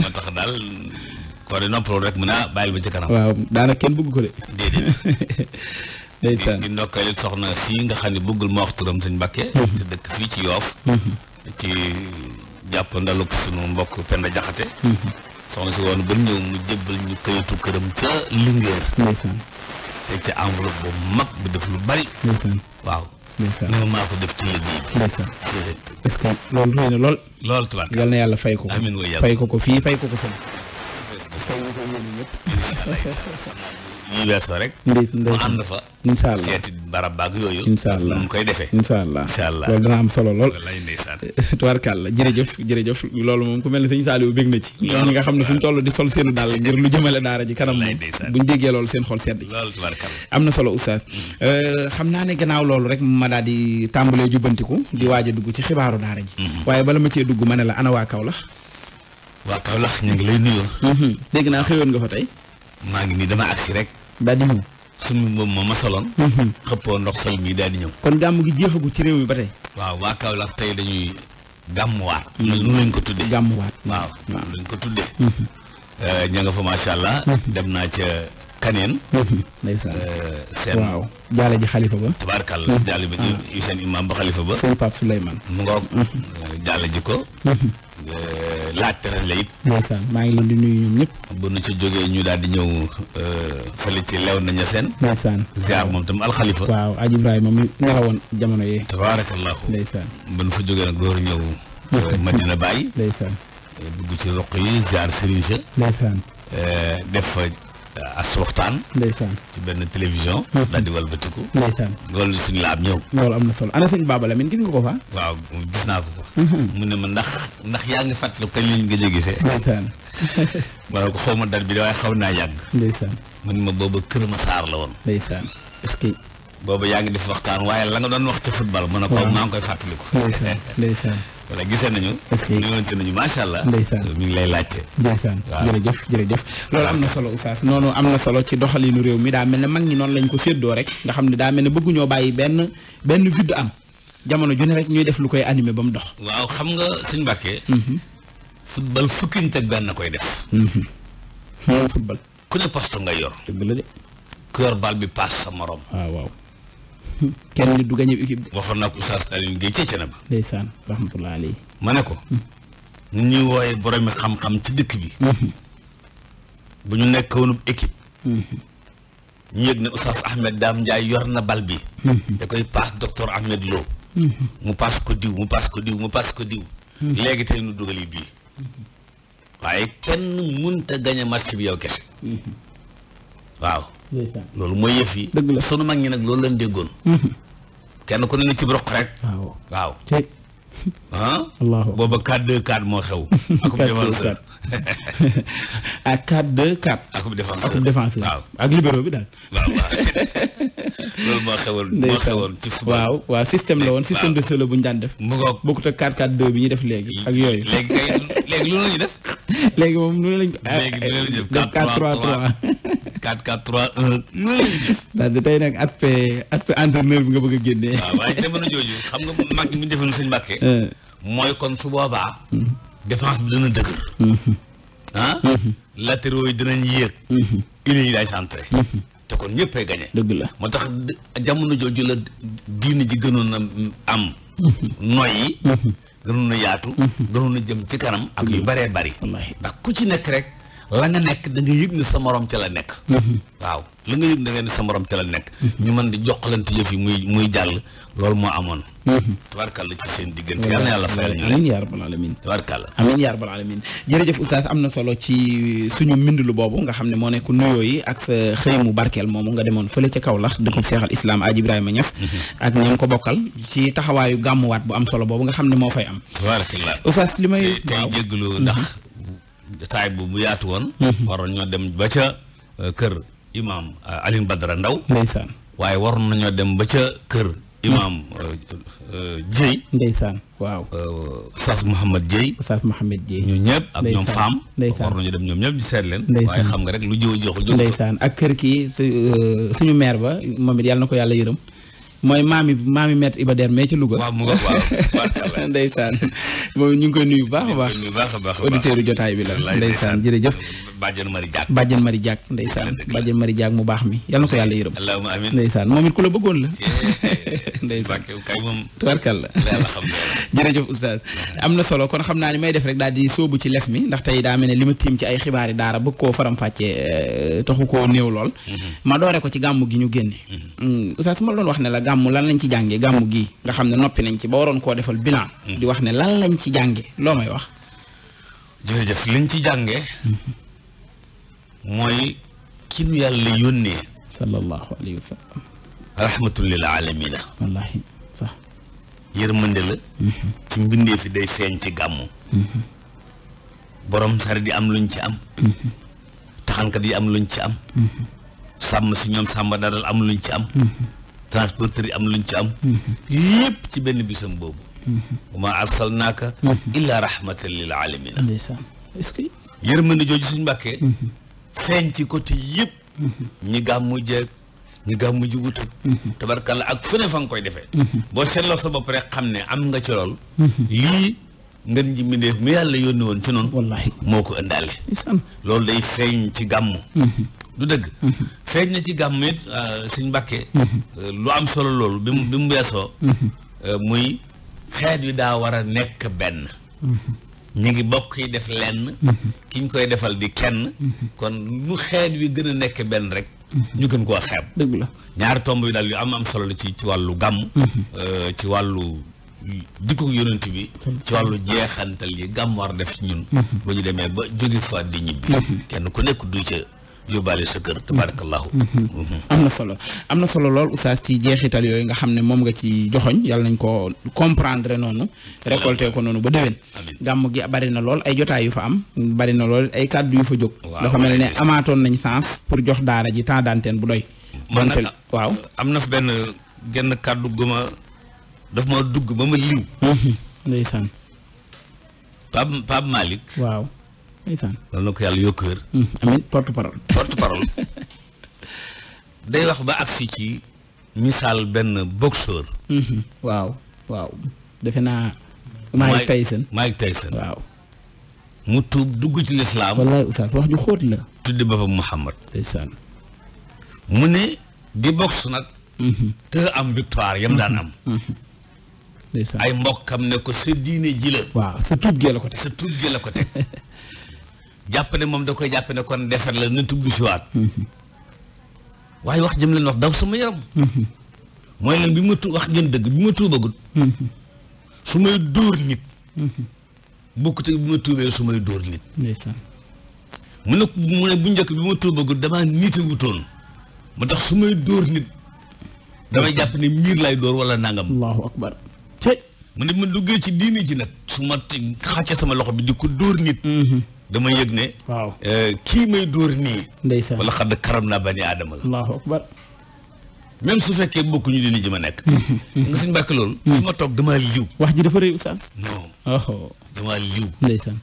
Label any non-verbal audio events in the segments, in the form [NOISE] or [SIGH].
moo tax daal koor yi noppalu rek mën a bàyyil ba ci kanam. waaw daanaka kenn bëgg ko de. déedéet. [LAUGHS] di ndokkale soxna si nga xam ne bëggul ma wax turam sëñ Mbàkke mm-hmm. ci dëkk fii ci Yoof mm-hmm. ci jàpp ndaluk suñu mbokk Penda Jaxate mm-hmm. soxna si woon ba ñëw mu jébbal ñu këyitu këram ca Linguère te ca enveloppe bu mag bi def lu bari waaw ñëw maa ko def téye bii. ndeysaan est ce que loolu rëy na fay ko ko. amiin ko ko fii fay ko ko fii. ko ko yi weesoo rek mu ànd fa incha allah seeti yooyu incha allah koy defee incha allah incha allah loolu am solo lool wallaay ndeysaan [LAUGHS] tubaarkàlla jërëjëf jërëjëf loolu moom ku mel ne sëñ Saliou bég na ci ne fi ñu toll di sol seenu daal ngir lu jëmale daara ji kanam moom buñ déggee loolu seen xol sedd ci am na solo oustaz mm. euh, xam naa ne gannaaw loolu rek ma daal di tàmbalee jubbantiku di waaja a dugg ci xibaaru daara ji mm-hmm. waaye bala ma cee dugg ma ne la ana waa Kaolack waa Kaolack ñu ngi lay nuyoo mm-hmm. dégg naa xëyoon nga fa tey maa ngi nii dama agsi rek. daal di ñëw. suñu moom ma masaloon. Mhm. xëppoo ndox sol mi daal di ñëw. kon gàmm gi jeexagu ci réew mi ba tey. waaw waa Kaolack tey dañuy gàmmuwaat. Mhm. lu lañ ko tuddee. gàmmuwaat waaw. waaw lañ ko tuddee. Mhm. Eh, ña nga fa macha allah. dem naa ca Kaneen. Eh, seen. waaw jaale ji xalifa ba. tabaarkàlla jaale bi ah. Useen Imaam ba xalifa ba. sëñ Pape Souleymane. mu ngoog eh, jaale ji ko. Euh, laajte la it. ndeysaan maa ngi leen di nuyu ñoom ñëpp. bu nu ci jógee ñu daal di ñëw euh, fële ci lew nañu seen. ndeysaan ziar moom tam alxalifa. waaw aji Ibrahima moom nga xawoon jamono yee. tabaarakallahu. ndeysaan bu nu fa jógee nag door ñëw. Euh, [LAUGHS] Madina Baye. ndeysaan dugg ci roq yi ziar Serigne Sa. ndeysaan def fa. as waxtaan. ndeysaan ci benn télévision. daal di walbatiku. ndeysaan loolu suñu la am ñëw. loolu am na solo ana sëñ Baba Lamine gis nga ko fa. waaw gis naa ko fa. Mhm. mu ne ma ndax ndax yaa ngi fàttali kañ lañ ngi jéggi see. ndeysaan. ma ne ko xaw ma dal bi de xaw naa yàgg. ndeysaan mu ne ma booba Kër Massar la woon. ndeysaan est-ce que. boobu yaa ngi def waxtaan waaye la nga doon wax ci football mu a ko maa ngi koy fàttaliku. ndeysaan ndeysaan. voilà [LAUGHS] gisee nañu. nuyonte nañu macha allah. ndeysaan mi ngi lay laajte. ndeysaan jërëjëf jërëjëf. loolu am na solo oustaz noonu am na solo ci doxalinu réew mi daa mel ne mag ñi noonu lañ ko séddoo rek nga xam ne daa mel ne bëgguñoo bàyyi benn benn vide am jamono ju ne rek ñuy def lu koy animé ba mu dox. waaw xam nga suñu mbàkkee. Mm-hmm. football fukki nit ak benn koy def. Mm-hmm. football. ku ne poste nga yor. dëgg la de. bal bi paas sa morom. Ah, waaw kenn nit du gagné équipe de. waxoon naa ko Oustaz Alioune Guèye ca ba. ndeysaan rahmatulah aleyhi. ma ne ko. ñu ñuy wooyee boromi xam-xam ci dëkk bi. bu ñu nekkoon équipe. ñu yëg ne Oustaz Ahmed Dame Ndiaye yor na bal bi. de koy paas docteur Ahmed Lo. mu paas ko diw mu paas ko diw mu paas ko diw. léegi te nu dugal yi bii. waaye kenn mënta gagné match bi yow kese. waaw loolu mooy yëf yi dëgg la sunu mag ñi nag loolu lañ déggoon mhm. kenn ku ne na ci roq rek waaw ah booba 4 2 4 moo xew akub défenseur [LAUGHS] ah, ak 4 2 4 ak libéro bi daal waaw waaw [LAUGHS] loolu moo xewoon moo xewoon ci waaw waaw système la woon système de solo bu ñu daan def. mu ngoog bokkut ak 4 4 2 bi ñuy ak yooyu. léegi kay léegi [LAUGHS] moom nu lañ ah, léegi nu lañ def 4 3 3 4 4 3 bi nga bëgg a génnee. waaw xam nga mag bi ñu defoon suñu mbàkke. Eh. mooy kon su boobaa. Mm-hmm. défense bi dana dëgër. Mm-hmm. ah. Mm-hmm. latéraux yi dinañ yéeg. unies yi daay centré. te kon ñëppay gañe dëgg la moo tax jamono jooju la diine ji gënoon a am mhm. noyyi mhm. gënoon a yaatu mhm. gënoon a jëm ci kanam ak yu bëree bari ndax ku ci nekk rek la nga nekk da nga yëg ne sa morom ca la nekk waaw la nga yëg da nga ne sa morom ca la nekk ñu mën di joxalante yëf yi muy muy jàll loolu moo amoon tabarkàlla ci seen diggante yal yàlla fayal ñu amiin yaa rabbal alamin tabarkàlla amiin yaa am na solo ci suñu mbindlu boobu nga xam ne moo nekk nuyoo yi ak sa xëy mu moomu nga demoon fële ca Kaolack dëkkub Cheikh al Islam Aji Ibrahima Niass ko bokkal ci taxawaayu gàmmuwaat bu am solo boobu nga xam ne moo fay am tabarkàlla oustaz li may waaw jéggalu ndax mhm. jotaay bu bu yaatu woon mm-hmm. waroon ñoo dem ba ca euh, kër imaam euh, Alioune Badara Ndaw ndeysaan waaye waroon nañoo dem ba ca kër imaam mm-hmm. euh, Dieye ndeysaan waaw Oustaz Mouhamed Dieye Oustaz Mouhamed Dieye ñu ñëpp ak ñoom faam war nañu dem ñoom ñëpp ñu seet leen waaye xam nga rek lu jëw joxu joxu ndeysaan ak kër kii suñu maire ba moom it yàlla na ko yàlla yërëm mooy maami maami maître Iba Der mais ca Louga. waaw mu nga waaw [LAUGHS] ndeysaan moom ñu ngi koy nuyu bu baax a baax. auditeur jotaay bi la ndeysaan jërëjëf. bàjjan mari jaag bàjjan mari jaag ndeysaan bàjjan mari jaag mu baax mi yal na ko yàlla yërëm allahumma amiin ndeysaan moom it ku la bëggoon la [LAUGHS] ndeysaan kay moom tubarkal la [LAUGHS] jërëjëf oustaz am na solo kon xam naa ni may def rek daal di sóobu ci lef mi ndax tey daa mel ne li ma tiim ci ay xibaari daara bëgg koo faram-fàccee eh, taxu koo néew lool mm-hmm. ma doore ko ci gàmmu gi ñu génne mm-hmm. mm, oustaz ma loon wax ne la gàmmu lan lañ ci jànge gàmmu gi nga xam ne noppi nañ ci ba waroon koo defal bilan mm-hmm. di wax ne lan lañ ci jànge loo may wax jërëjëf ci jànge mooy kii nu yàlla yónnee sallallahu alayhi wa lil alamina wallaahi sax la mhm. ci mbindee fi day feeñ ci gàmmu mhm. borom sar di am luñ ci am mhm. taxankat yi am luñ ci am sàmm si ñoom sàmm daral am luñ ci am transporteur yi am luñ ci am yépp ci benn bisam boobu wa ma arsalnaaka illa rahmatan lil alamina ndeysaan est jooju suñ mbàkkee xeeñ ci côté yëpp ñi gàmmu jeeg ñi gàmmu ji wut ak tabarkalla ak fu ne fa nga koy defee boo seetloo sa bopp rek xam ne am nga ci lool lii ngeen ji mbindeef mi yàlla yónni woon ci noonu moo ko ëndaale loolu day feeñ ci gàmmu du dëgg feeñ na ci gàmmu it euh, sëñ Mbàkke euh, lu am solo loolu bi mu bi mu weesoo mm-hmm. euh, muy xeet wi daa war a nekk benn ñu ngi bokk yi def lenn mhm. ki koy defal di kenn mhm. kon lu xeet wi gën a nekk benn rek mhm. ñu gën koo xeeb dëgg ñaari tomb bi daal yu am am solo la ci ci wàllu gàmm euh, ci wàllu jikko yonent bi ci wàllu jeexantal yi gàmm war def ci ñun ba ñu demee ba jóge fa di ñibbi kenn ku nekk du ca yóbbaale sa kër mm-hmm. tabarakallahu mm-hmm. am na solo am na solo lool oustaz ci jeexital yooyu nga xam ne moom nga ci joxoñ yal nañ ko comprendre noonu récolté ko noonu ba déwén gàmm gi bari na lool ay jotaay yu fa am bari na lool ay kàddu yu fa jóg dafa mel ne amaatoon nañ sens pour jox daara ji temps d'antenne bu doy man nag waaw euh, am na fa benn genn kàddu gu ma daf ma dugg ba ma liw mm-hmm. ndeysaan Pape Pape waaw ndeysaan loolu na ko yàlla yokk wér. Hmm, amiin parole. [LAUGHS] porte parole day wax ba agsi ci misaal benn boxeur. Hmm, waaw waaw defe naa. Mike Tyson Mike Tyson waaw. mu tuub dugg ci lislaam wallaay oustaz wax ju xóot la. tuddi ba fa Muhammad. mu ne di box nag. Hmm. te am victoire yam daan am. ay mbokkam ne ko sa diine ji la. waaw sa tuub gee la ko teg sa tuub gee la ko teg. [LAUGHS] jàpp moom da koy jàpp ne kon defar la na tubb si waat waaye wax jëm leen wax daw sama yaram mooy leen bi ma tu wax ngeen dëgg bi ma tuubagut su may dóor nit bokkut ak bi ma tuubee su may dóor nit mu ne mu ne bu njëkk bi ma tuubagut damaa nite wutoon mu tax su may dóor nit damay jàpp ne miir lay dóor wala nangam allahu akbar mu ne ma duggee ci diini ji nag su ma xàcce sama loxo bi di ko dóor nit mm-hmm. dama yëg ne. waaw euh, kii may dóor nii. ndeysaan wala xadd karam naa bani aadama la. allahu akbar. même su fekkee bokkuñu dina ji ma nekk. [LAUGHS] nga suñ bàkk loolu. su hmm. ma toog damaa liw. wax ji dafa rëy oustaz. non. damaa liw. ndeysaan.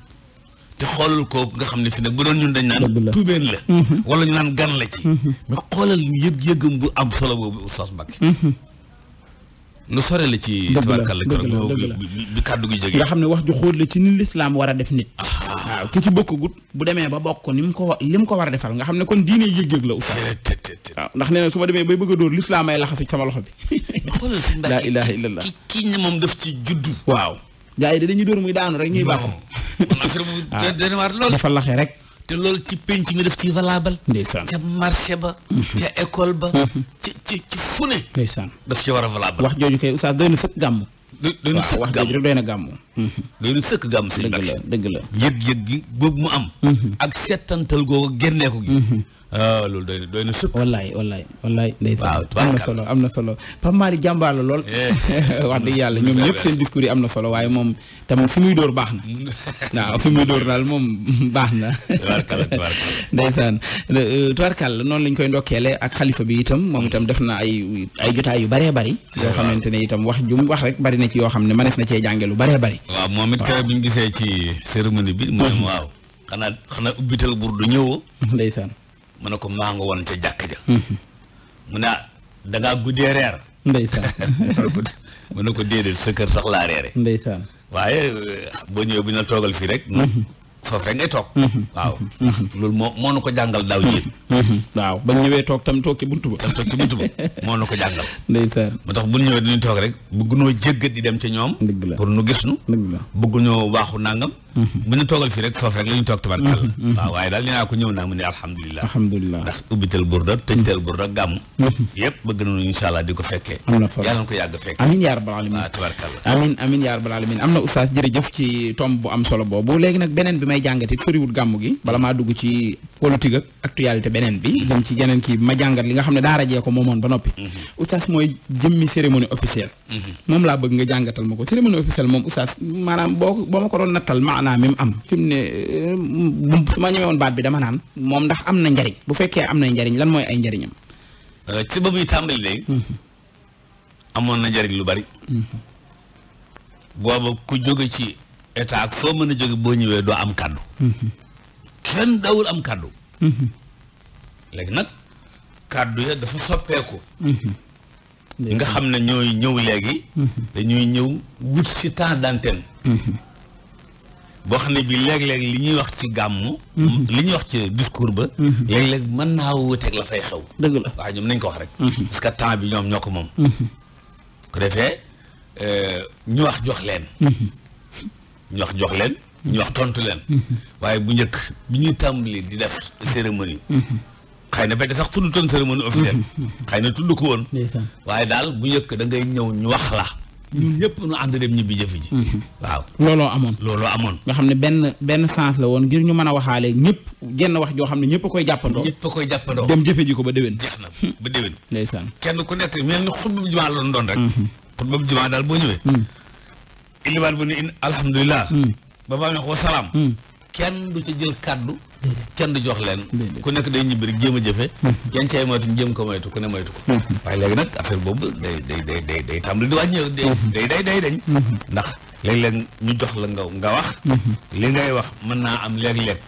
te xoolal kooku nga xam ne fi nag bu doon ñun dañ naan tuubeen la. Hmm. wala ñu naan gan la ci. Hmm. mais xoolal yëg-yëgam bu am solo boobu oustaz Mbacke. lu sore la ci tubaarkàlla keroog bi kàddu gi jógee nga xam ne wax ju xóot la ci ni lislaam war a def nit ah. waaw ki ci bokkagut bu demee ba bokk ni mu ko li mu ko war a defal nga xam ne kon diine yëg-yëg la oustaz waaw ndax nee na su ma demee bay bëgg a dóor lislaam ay laxasu ci sama loxo bi laa [LAUGHS] ilaha illallah ki ne moom daf ci juddu waaw gars yi dañuy dóor muy daanu rek ñuy bàkku [LAUGHS] ah. dafa laxee rek te loolu ci penc mi def ci valable. ndeysaan ca marché ba. Mhm. ca école ba. Mhm. ci ci ci fu ne. ndeysaan daf ci war a valable. wax jooju kay oustaz doy na fëkk gàmmu doy na fëkk gàmm wax jooju rek doy na doy na sëkk gàmm sëñ Mbàkke dëgg la yëg-yëg gi boobu mu am mm-hmm. ak settantal googu génneeku gi mm-hmm. ah loolu doy na doy na sëkk wallaay wallaay wallaay am na solo am na solo lool eh. [LAUGHS] wax dëgg yàlla ñoom ñëpp seen am na solo waaye moom tamit fi muy dóor baax na [LAUGHS] waaw fi muy dóor daal moom [LAUGHS] baax na ndeysaan euh, tubarkàlla noonu lañ koy ndokkeele ak xalifa bi itam moom itam def na ay ay jotaay yu baree bari yoo xamante ne itam wax jum wax rek bari na ci yoo xam ne manees na cee jànge lu baree bari waaw moom it keroog bi ñu gisee ci cérémonie bi. mu ne mhm. waaw xanaa xanaa ubbital bur du ñëwoo. ndeysaan mu ne ko maa nga woon ca jàkk ja. Mhm. mu ne ah, da ngaa guddee reer. ndeysaan [LAUGHS] mu ne ko déedéet sa kër sax laa reere. ndeysaan waaye boo ñëwee bu ñu la fii rek. foofu rek ngay toog. Mhm. waaw mhm. loolu moo moo nu ko jàngal daaw ji. Mhm. waaw ba ñëwee toog tam toog ci buntu ba. tam toog ci buntu ba moo nu ko jàngal. moo tax bu ñu ñëwee dañuy toog rek bëgguñoo jéggat di dem ca ñoom. la pour nu gis nu. dëgg la bëgguñoo waaxu nangam. bu ñu toogal fii rek foofu rek la ñuy toog waaw waaye daal nee naa ko ñëw naa mu ne ndax ubbital burda tëjtal burda gàmm. yëpp bëgg nañu incha allah di ko fekkee. am na solo yàlla na ko yàgg fekkee. amiin yaa rabbal may jàngatit gàmmu gi bala maa dugg ci politique ak actualité beneen bi jëm ci jeneen kii bi ma jàngat li nga xam ne daa rajee ko moomoon ba noppi mm-hmm. oustaz mooy jëmmi cérémonie officielle mm-hmm. moom laa bëgg nga jàngatal ma ko cérémonie officielle moom oustaz maanaam boo boo ma ko doon nattal maanaam mi mu am fi ne moom ndax am na njariñ bu fekkee am na njariñ lan mooy ay njariñam euh, ci ba muy tàmbali léegi mm-hmm. amoon na njariñ lu bari booba ku jóge ci état ak foo mën a jóge boo ñëwee doo am kàddu mhm. kenn dawul am kàddu mhm. léegi nag kàddu ya dafa soppeeku mhm. ñi nga xam ne ñooy ñëw léegi dañuy ñëw wut si temps d'antenne boo xam ne bii léeg-léeg li ñuy wax ci gàmmu li ñuy wax ci discours ba léeg-léeg mën naa wuuteeg la fay xew dëgg ñoom nañ ko wax rek parce que temps bi ñoom ñoo ko moom ko defee euh, ñu wax jox leen ñu wax jox leen ñu wax tontu leen waaye bu njëkk bi ñuy tàmbali di def cérémonie xëy na ba sax tudd toon cérémonie officielle xëy na tudd ko woon waaye daal bu njëkk da ngay ñëw ñu wax la ñun ñëpp ñu ànd dem ñibbi jëf ji mhm. waaw looloo amoon looloo amoon nga xam ne benn benn sens la woon ngir ñu mën a waxaale ñëpp genn wax joo xam ne ñëpp a koy jàppandoo ñëpp a koy jàppandoo dem jëfe ji ko ba déwén jeex na ba déwén ndeysaan kenn ku nekk mel ni xutba bu jumaa la doon rek mhm. xutba bu ilimaan bu ne in alhamdulilah hmm. ba ma ne ko salaam hmm. kenn du ci jël kàddu kenn du jox leen ku nekk day ñibbi rek jéem a jëfe hmm. yan cay moytu jéem ko moytu ku ne moytu ko waaye léegi nag affaire boobu day day day day day tàmbali di wàññeeku day day day dañ ndax léeg leen ñu jox la nga nga wax li ngay wax mën naa am léeg-léeg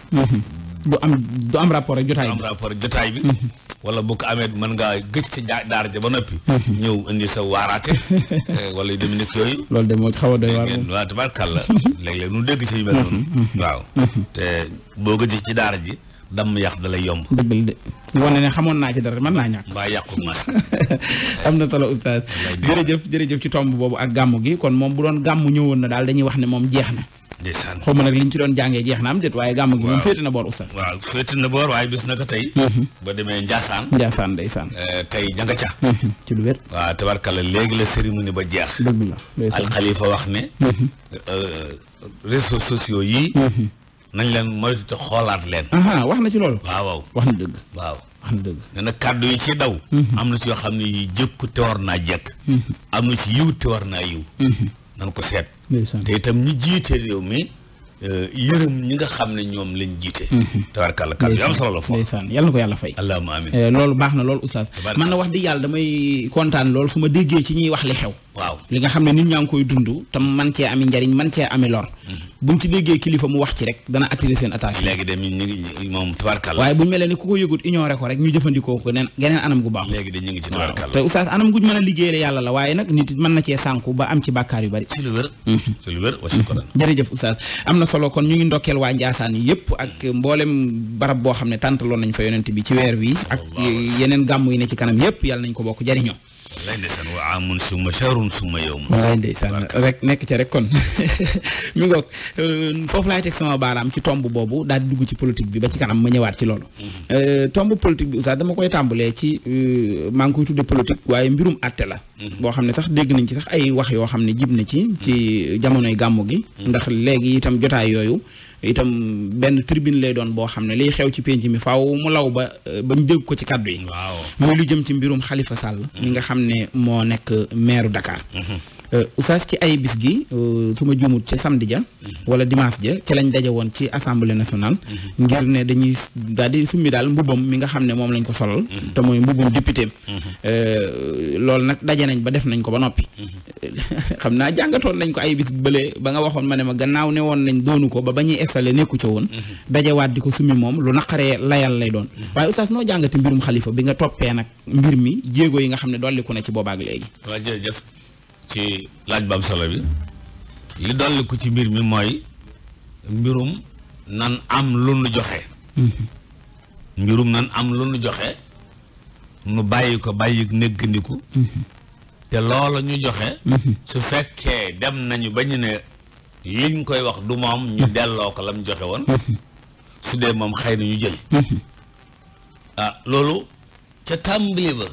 du am du am rapport ak jotaay bi am rapport ak jotaay bi. Mm-hmm. wala bu amee mën ngaa gëj sa ja daara ja ba noppi. Mm-hmm. ñëw indi sa waaraate. [LAUGHS] Eh, wala yu demee nekk yooyu. loolu de moo xaw a doy waar moom waaw tabarkàlla mm-hmm. léeg-léeg nu dégg yu mel waaw te boo gëj ci daar ji. damm yàq da lay yomb. dëgg la de wane ne xamoon naa ci dara mën naa ñàkk. mbaa yàqu mas [LAUGHS] am na solo oustaz jërëjëf jërëjëf ci tomb boobu ak gàmm gi kon moom bu doon gàmm ñëwoon na daal dañuy wax ne moom jeex na. ndeysaan xaw ma nag liñ ci doon jàngee jeex na am déet waaye gàmm gi moom féete na boor oustaz waaw féete na boor waaye bis na ko tey mm-hmm. ba demee Njaasaan Njaasaan ndeysaan eh, tey janga ca mm-hmm. ci lu wér waaw tabarkalla léegi la cérémonie ba jeex dëgg la alxalifa wax ne mm-hmm. eh, réseaux sociaux yi nañ leen moytu te xoolaat leen wax na ci loolu waaw wax na dëgg waaw wax na dëgg nee kàddu yi ci daw am na ci yoo xam ne yi jëkku te war naa jëkk am na ci yiw te war naa yiw nan ko seet te itam ñi jiite réew mi euh, yërëm ñi nga xam ne ñoom lañ jiite. Mhm. tabarkàlla kàddu am la foofu. ndeysaan yal na ko yàlla fay. allahumma amiin eh, loolu baax na loolu oustaz. man na wax di yàlla damay kontaan loolu su ma déggee ci ñiy wax li xew. waaw li nga xam ne nit ñaa ngi koy dund tam man cee ami njariñ man cee ami lor mm-hmm. buñ ci déggee kilifa mu wax ci rek dana attirer seen attaque léegi de ñu ngi moom tubaarkàlla waaye buñ mel ni ku ko yëgut ignoré ko rek ñu jëfandikoo ko neen geneen anam gu baax léegi de ñu ngi ci tubaarkàlla te oustaz anam guñ mën a liggéeyale yàlla la waaye nag nit mën na cee sànku ba am ci bàkkaar yu bari ci lu wér mm-hmm. ci lu wér mm-hmm. am na solo kon ñu ngi ndokkeel waa Njaasaan yëpp ak mboolem barab boo xam ne tàntaloon nañ fa yonent bi ci weer wi ak yeneen gàmm yi ne ci kanam yëpp yàlla nañ bokk jariñoo wallaay ndeysaan wa amun suma charun suma yow ma wallaay rek nekk ca rek kon [LAUGHS] mi ngoog euh, foofu laay teg sama baaraam ci tomb boobu daal di dugg ci politique bi ba ci kanam ma ñëwaat ci loolu mhm. euh, tomb politique bi oustaz dama koy tàmbalee ci euh, maa ngi koy tudde politique waaye mbirum àtte la mhm. boo xam ne sax dégg nañ ci sax ay wax yoo xam ne jib na ci ci mhm. jamonoy gàmmu gi ndax léegi itam jotaay yooyu itam benn tribune lay doon boo xam ne liy xew ci penc mi faw mu law ba euh, ba mu dégg ko ci kàddu yi. waaw muy lu jëm ci mbirum xalifa Sall. mi nga xam ne moo nekk maire Dakar. Mm-hmm. Euh, oustaz ci ay bis gi euh, su ma juumut ca samedi ja mhm. wala dimanche ja ca lañ daje woon ci assemblée nationale mhm. ngir ne dañuy daal di summi daal mbubam mi nga xam ne moom lañ ko solal mhm. te mooy mbubum député euh, loolu nag daje nañ ba def nañ ko ba noppi [LAUGHS] xam naa jàngatoon nañ ko ay bis bële ba nga waxoon ma ne ma gannaaw ne woon nañ doonu ko ba ba ñuy installé nekku ca woon dajewaat di ko summi moom lu naqaree layal lay doon waaye oustaz noo jàngati mbirum xalifa bi nga toppee mbir mi jéego yi nga xam ne dolliku na ci boobaak léegi waaw jërëjëf ci laaj bu am solo bi li dolli ko ci mbir mi mooy mbirum nan am lu nu joxe mm-hmm. mbirum nan am lu nu joxe mu bàyyi ko bàyyi néggandiku mm-hmm. te loolu ñu joxe mm-hmm. su fekkee dem nañu ba ñu ne liñ koy wax du moom ñu delloo ko lam joxe woon su dee moom xëy na ñu jël ah, loolu ca tàmbali ba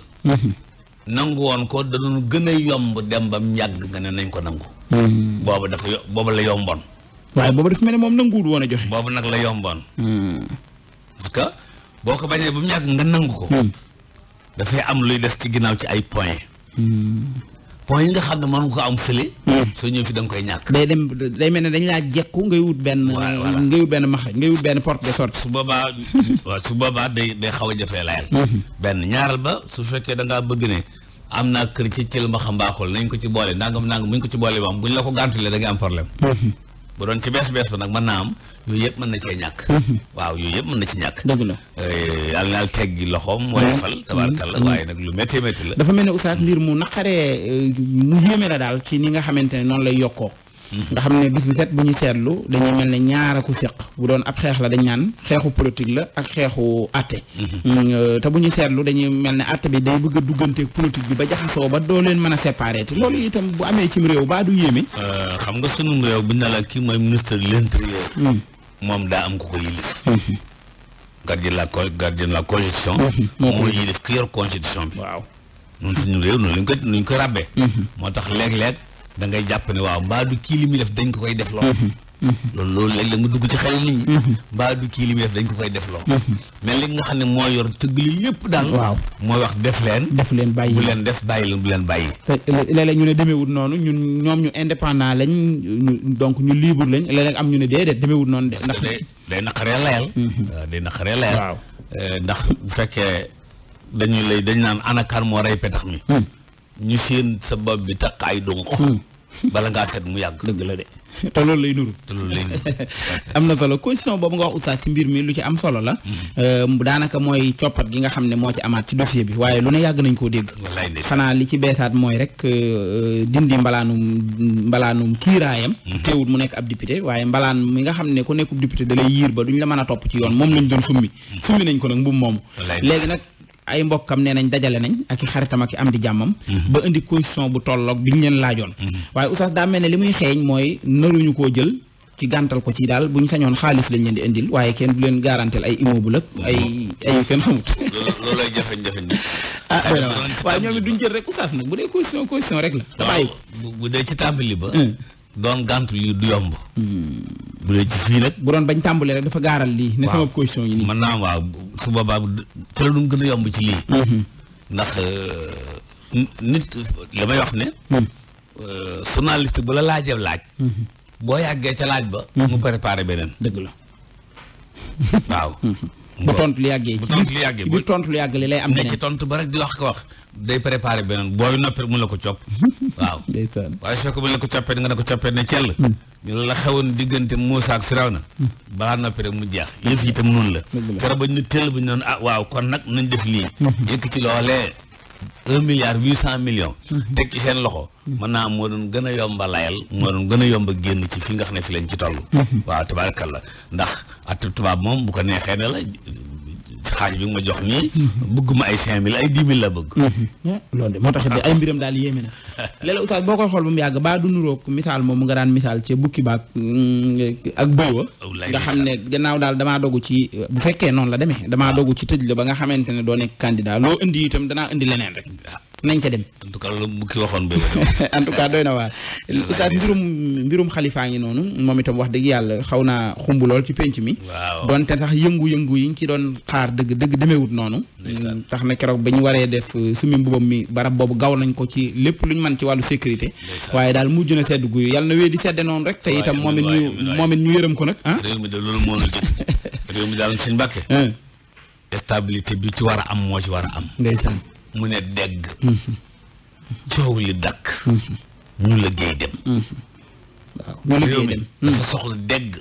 nangu woon ko danoon gën a yomb dem ba mu yàgg nga ne nañ ko nangu. Hmm. boobu dafa yo boobu la yomboon. waaye boobu dafa mel ne moom nanguwul woon a joxe. boobu nag la yomboon. Hmm. parce que boo ko bañee ba mu yàgg nga nangu ko. Hmm. dafay am luy des ci ginnaaw ci ay point point yi nga xam ne mën nga ko am fële. Hmm. soo ñëw fi da koy ñàkk. day dem day mel ne dañ laa jekku ngay wut benn. ngay wut benn max ngay wut benn porte de sortie. su boobaa waaw su boobaa day day xaw a jafee layal. Hmm. benn ñaaral ba su fekkee da ngaa bëgg ne am naa kër ci cël ma xam mbaaxul nañ ko ci boole nangam nangam muñ ko ci boole ba am buñ la ko gàntalee da am problème. Hmm. ba doon ci bees bees ba nag mën naa am yooyu yëpp mën na cee ñàkk mhm. waaw yooyu yëpp mën na ci ñàkk dëgg la eh, yàlla naal teg gi loxoom mhm. waaye fal tabaarkalla mhm. waaye nag lu métti métti la dafa mel ne Oustaz mbir mu naqaree eh, mu yéeme daal ci ni nga xamante ne noonu lay yokkoo nga xam ne bis bu set bu ñu seetlu dañuy mel ne ñaar a ku seq bu doon ab xeex la dañ naan xeexu politique la ak xeexu àtte mm-hmm. mm, euh, te bu ñu seetlu dañuy mel ne àtte bi day bëgg a dugganteeg politique bi ba jaxasoo ba doo leen mën a séparé te loolu itam bu amee cim réew baa du yéeme euh, xam nga sunum réew bi na la kii mooy ministre de l'intérieur mm. moom daa am ko ko yilif mm-hmm. gardien la gardien la constitution mm-hmm. moo yilif ki yor constitution bi waaw ñun suñu réew noonu lañ ko nuñ ko ràbbee moo tax léeg da ngay jàpp ne waaw mbaa du kii li muy def dañ ko koy def loo mhm. mhm. loolu loolu léeg-léeg mu dugg ci xel ni ñi mhm. mbaa du kii li muy def dañ ko koy def loo mais li nga xam ne moo yor tëgg li lépp daal waaw mooy wax def leen def leen bàyyi bu leen def bàyyi leen bu leen bàyyi léeg-léeg ñu ne demeewut noonu ñun ñoom ñu indépendant lañ donc ñu libre lañ léeg-léeg am ñu ne déedéet demeewut noonu de ndax day naqaree layal day naqaree layal euh, waaw euh, ndax bu fekkee dañu lay dañ naan anakaan moo rey petax mi ñu seen sa bopp bi takk ay dunq hmm. bala ngaa set mu yàgg dëgg la de te loolu lay nuru te loolu lay nuru [LAUGHS] am na solo condition boobu nga wax oustaz ci mbir mi lu ci am solo la hmm. euh, daanaka mooy coppat gi nga xam ne moo ci amaat ci dossier bi waaye lu ne yàgg nañ koo dégg xanaa li ci beesaat mooy rek euh, euh, dindi mbalaanum mbalaanum kiiraayam hmm. teewut mu nekk ab député waaye mbalaan mi nga xam ne ku nekkub député da lay yiir ba duñ la mën a topp ci yoon moom lañ doon summi summi nañ ko nag moomu ay mbokkam nee nañ dajale nañ ak i xaritam ak i am di jàmmam ba indi condition bu tolloog bi ñu leen laajoon waaye oustaz daa mel ne li muy xeeñ mooy ñu koo jël ci gàntal ko ci daal bu ñu sañoon xaalis lañ leen di indil waaye kenn du leen garantel ay immeuble ak ay ay kenn xamut loolu lay jafe-jafe [LAUGHS] ah waaye ñoom it duñ jël rek oustaz nag bu dee condition condition rek la te bàyyi bu dee ci tàmbali ba doon gànt lii du yomb. bu dee ci fii nag. bu doon bañ tàmbalee rek dafa gaaral lii. ne sama position yi nii. mën naa waaw su boobaa te la du gën a yomb ci lii. Mhm. ndax euh, nit li may wax ne. su mhm. euh, journaliste bu la laajee laaj. Mhm. boo yàggee ca laaj ba. mu préparé beneen. dëgg la waaw. bu tontu lu yàggee. bu tontu lu yàggee bu tontu lu yàggee lay am. ne ci tontu ba rek di wax ko wax. day préparé beneen booy noppi mun la ko copp. [LAUGHS] waaw ndeysaan waaye soo ko mun la ko coppee nga ne ko coppee ne cell. Hmm. ñu la xewoon diggante Moussa ak Firawna. Hmm. balaa noppi rek mu jeex yëf yi itam noonu la. dëgg la keroog ba ñu teel ba ñu doon ah waaw kon nag nañ def lii. Hmm. yëkk ci loolee. un milliard huit cent millions. [LAUGHS] teg ci seen loxo. man naa moo doon gën a yomb a layal. moo doon gën a yomb génn ci fi nga xam ne fi lañ ci toll. [LAUGHS] waaw tabaarkalla ndax at tubaab moom bu ko neexee ne la. xaaj bi ma jox nii bëgg ma ay cinq mille ay dix mille la bëgg mmh. Mmh. loolu de moo tax it ay mbiram daal yéeme na [LAUGHS] léeg-léeg boo koy xool ba mu yàgg baa du nuroog misaal moom nga daan misaal ci bukki baak mmh, ak bëy wa oh, nga xam ne gannaaw daal damaa dogu ci bu fekkee noonu la demee damaa ah. dogu ci tëj la ba nga xamante ne doo nekk candidat loo indi itam danaa indi leneen rek ah. nañ ca dem. en tout cas loolu bu ki waxoon bee [LAUGHS] en tout cas doy na waar. Oustaz mbirum mbirum xalifaa ngi noonu moom itam wax dëgg yàlla xaw naa xumb lool ci penc mi. waaw donte sax yëngu-yëngu yi ñu ci doon xaar dëgg dëgg demeewut noonu. tax na keroog ba ñu waree def euh, sumi mbubam mi barab boobu gaw nañ ko ci lépp lu ñu mën ci wàllu sécurité. waaye daal mujj na sedd guyu yàlla na wéy di sedde noonu rek. te itam moom it ñu moom it ñu yërëm ko nag. Ah. réew mi de loolu moo ñu [LAUGHS] réew mi suñu mbàkke stabilité bi ci war a am moo ci war a am. ndeysaan mu ne dégg coow li dakk ñu liggéey dem waaw ñu liggéey dem dafa soxla dégg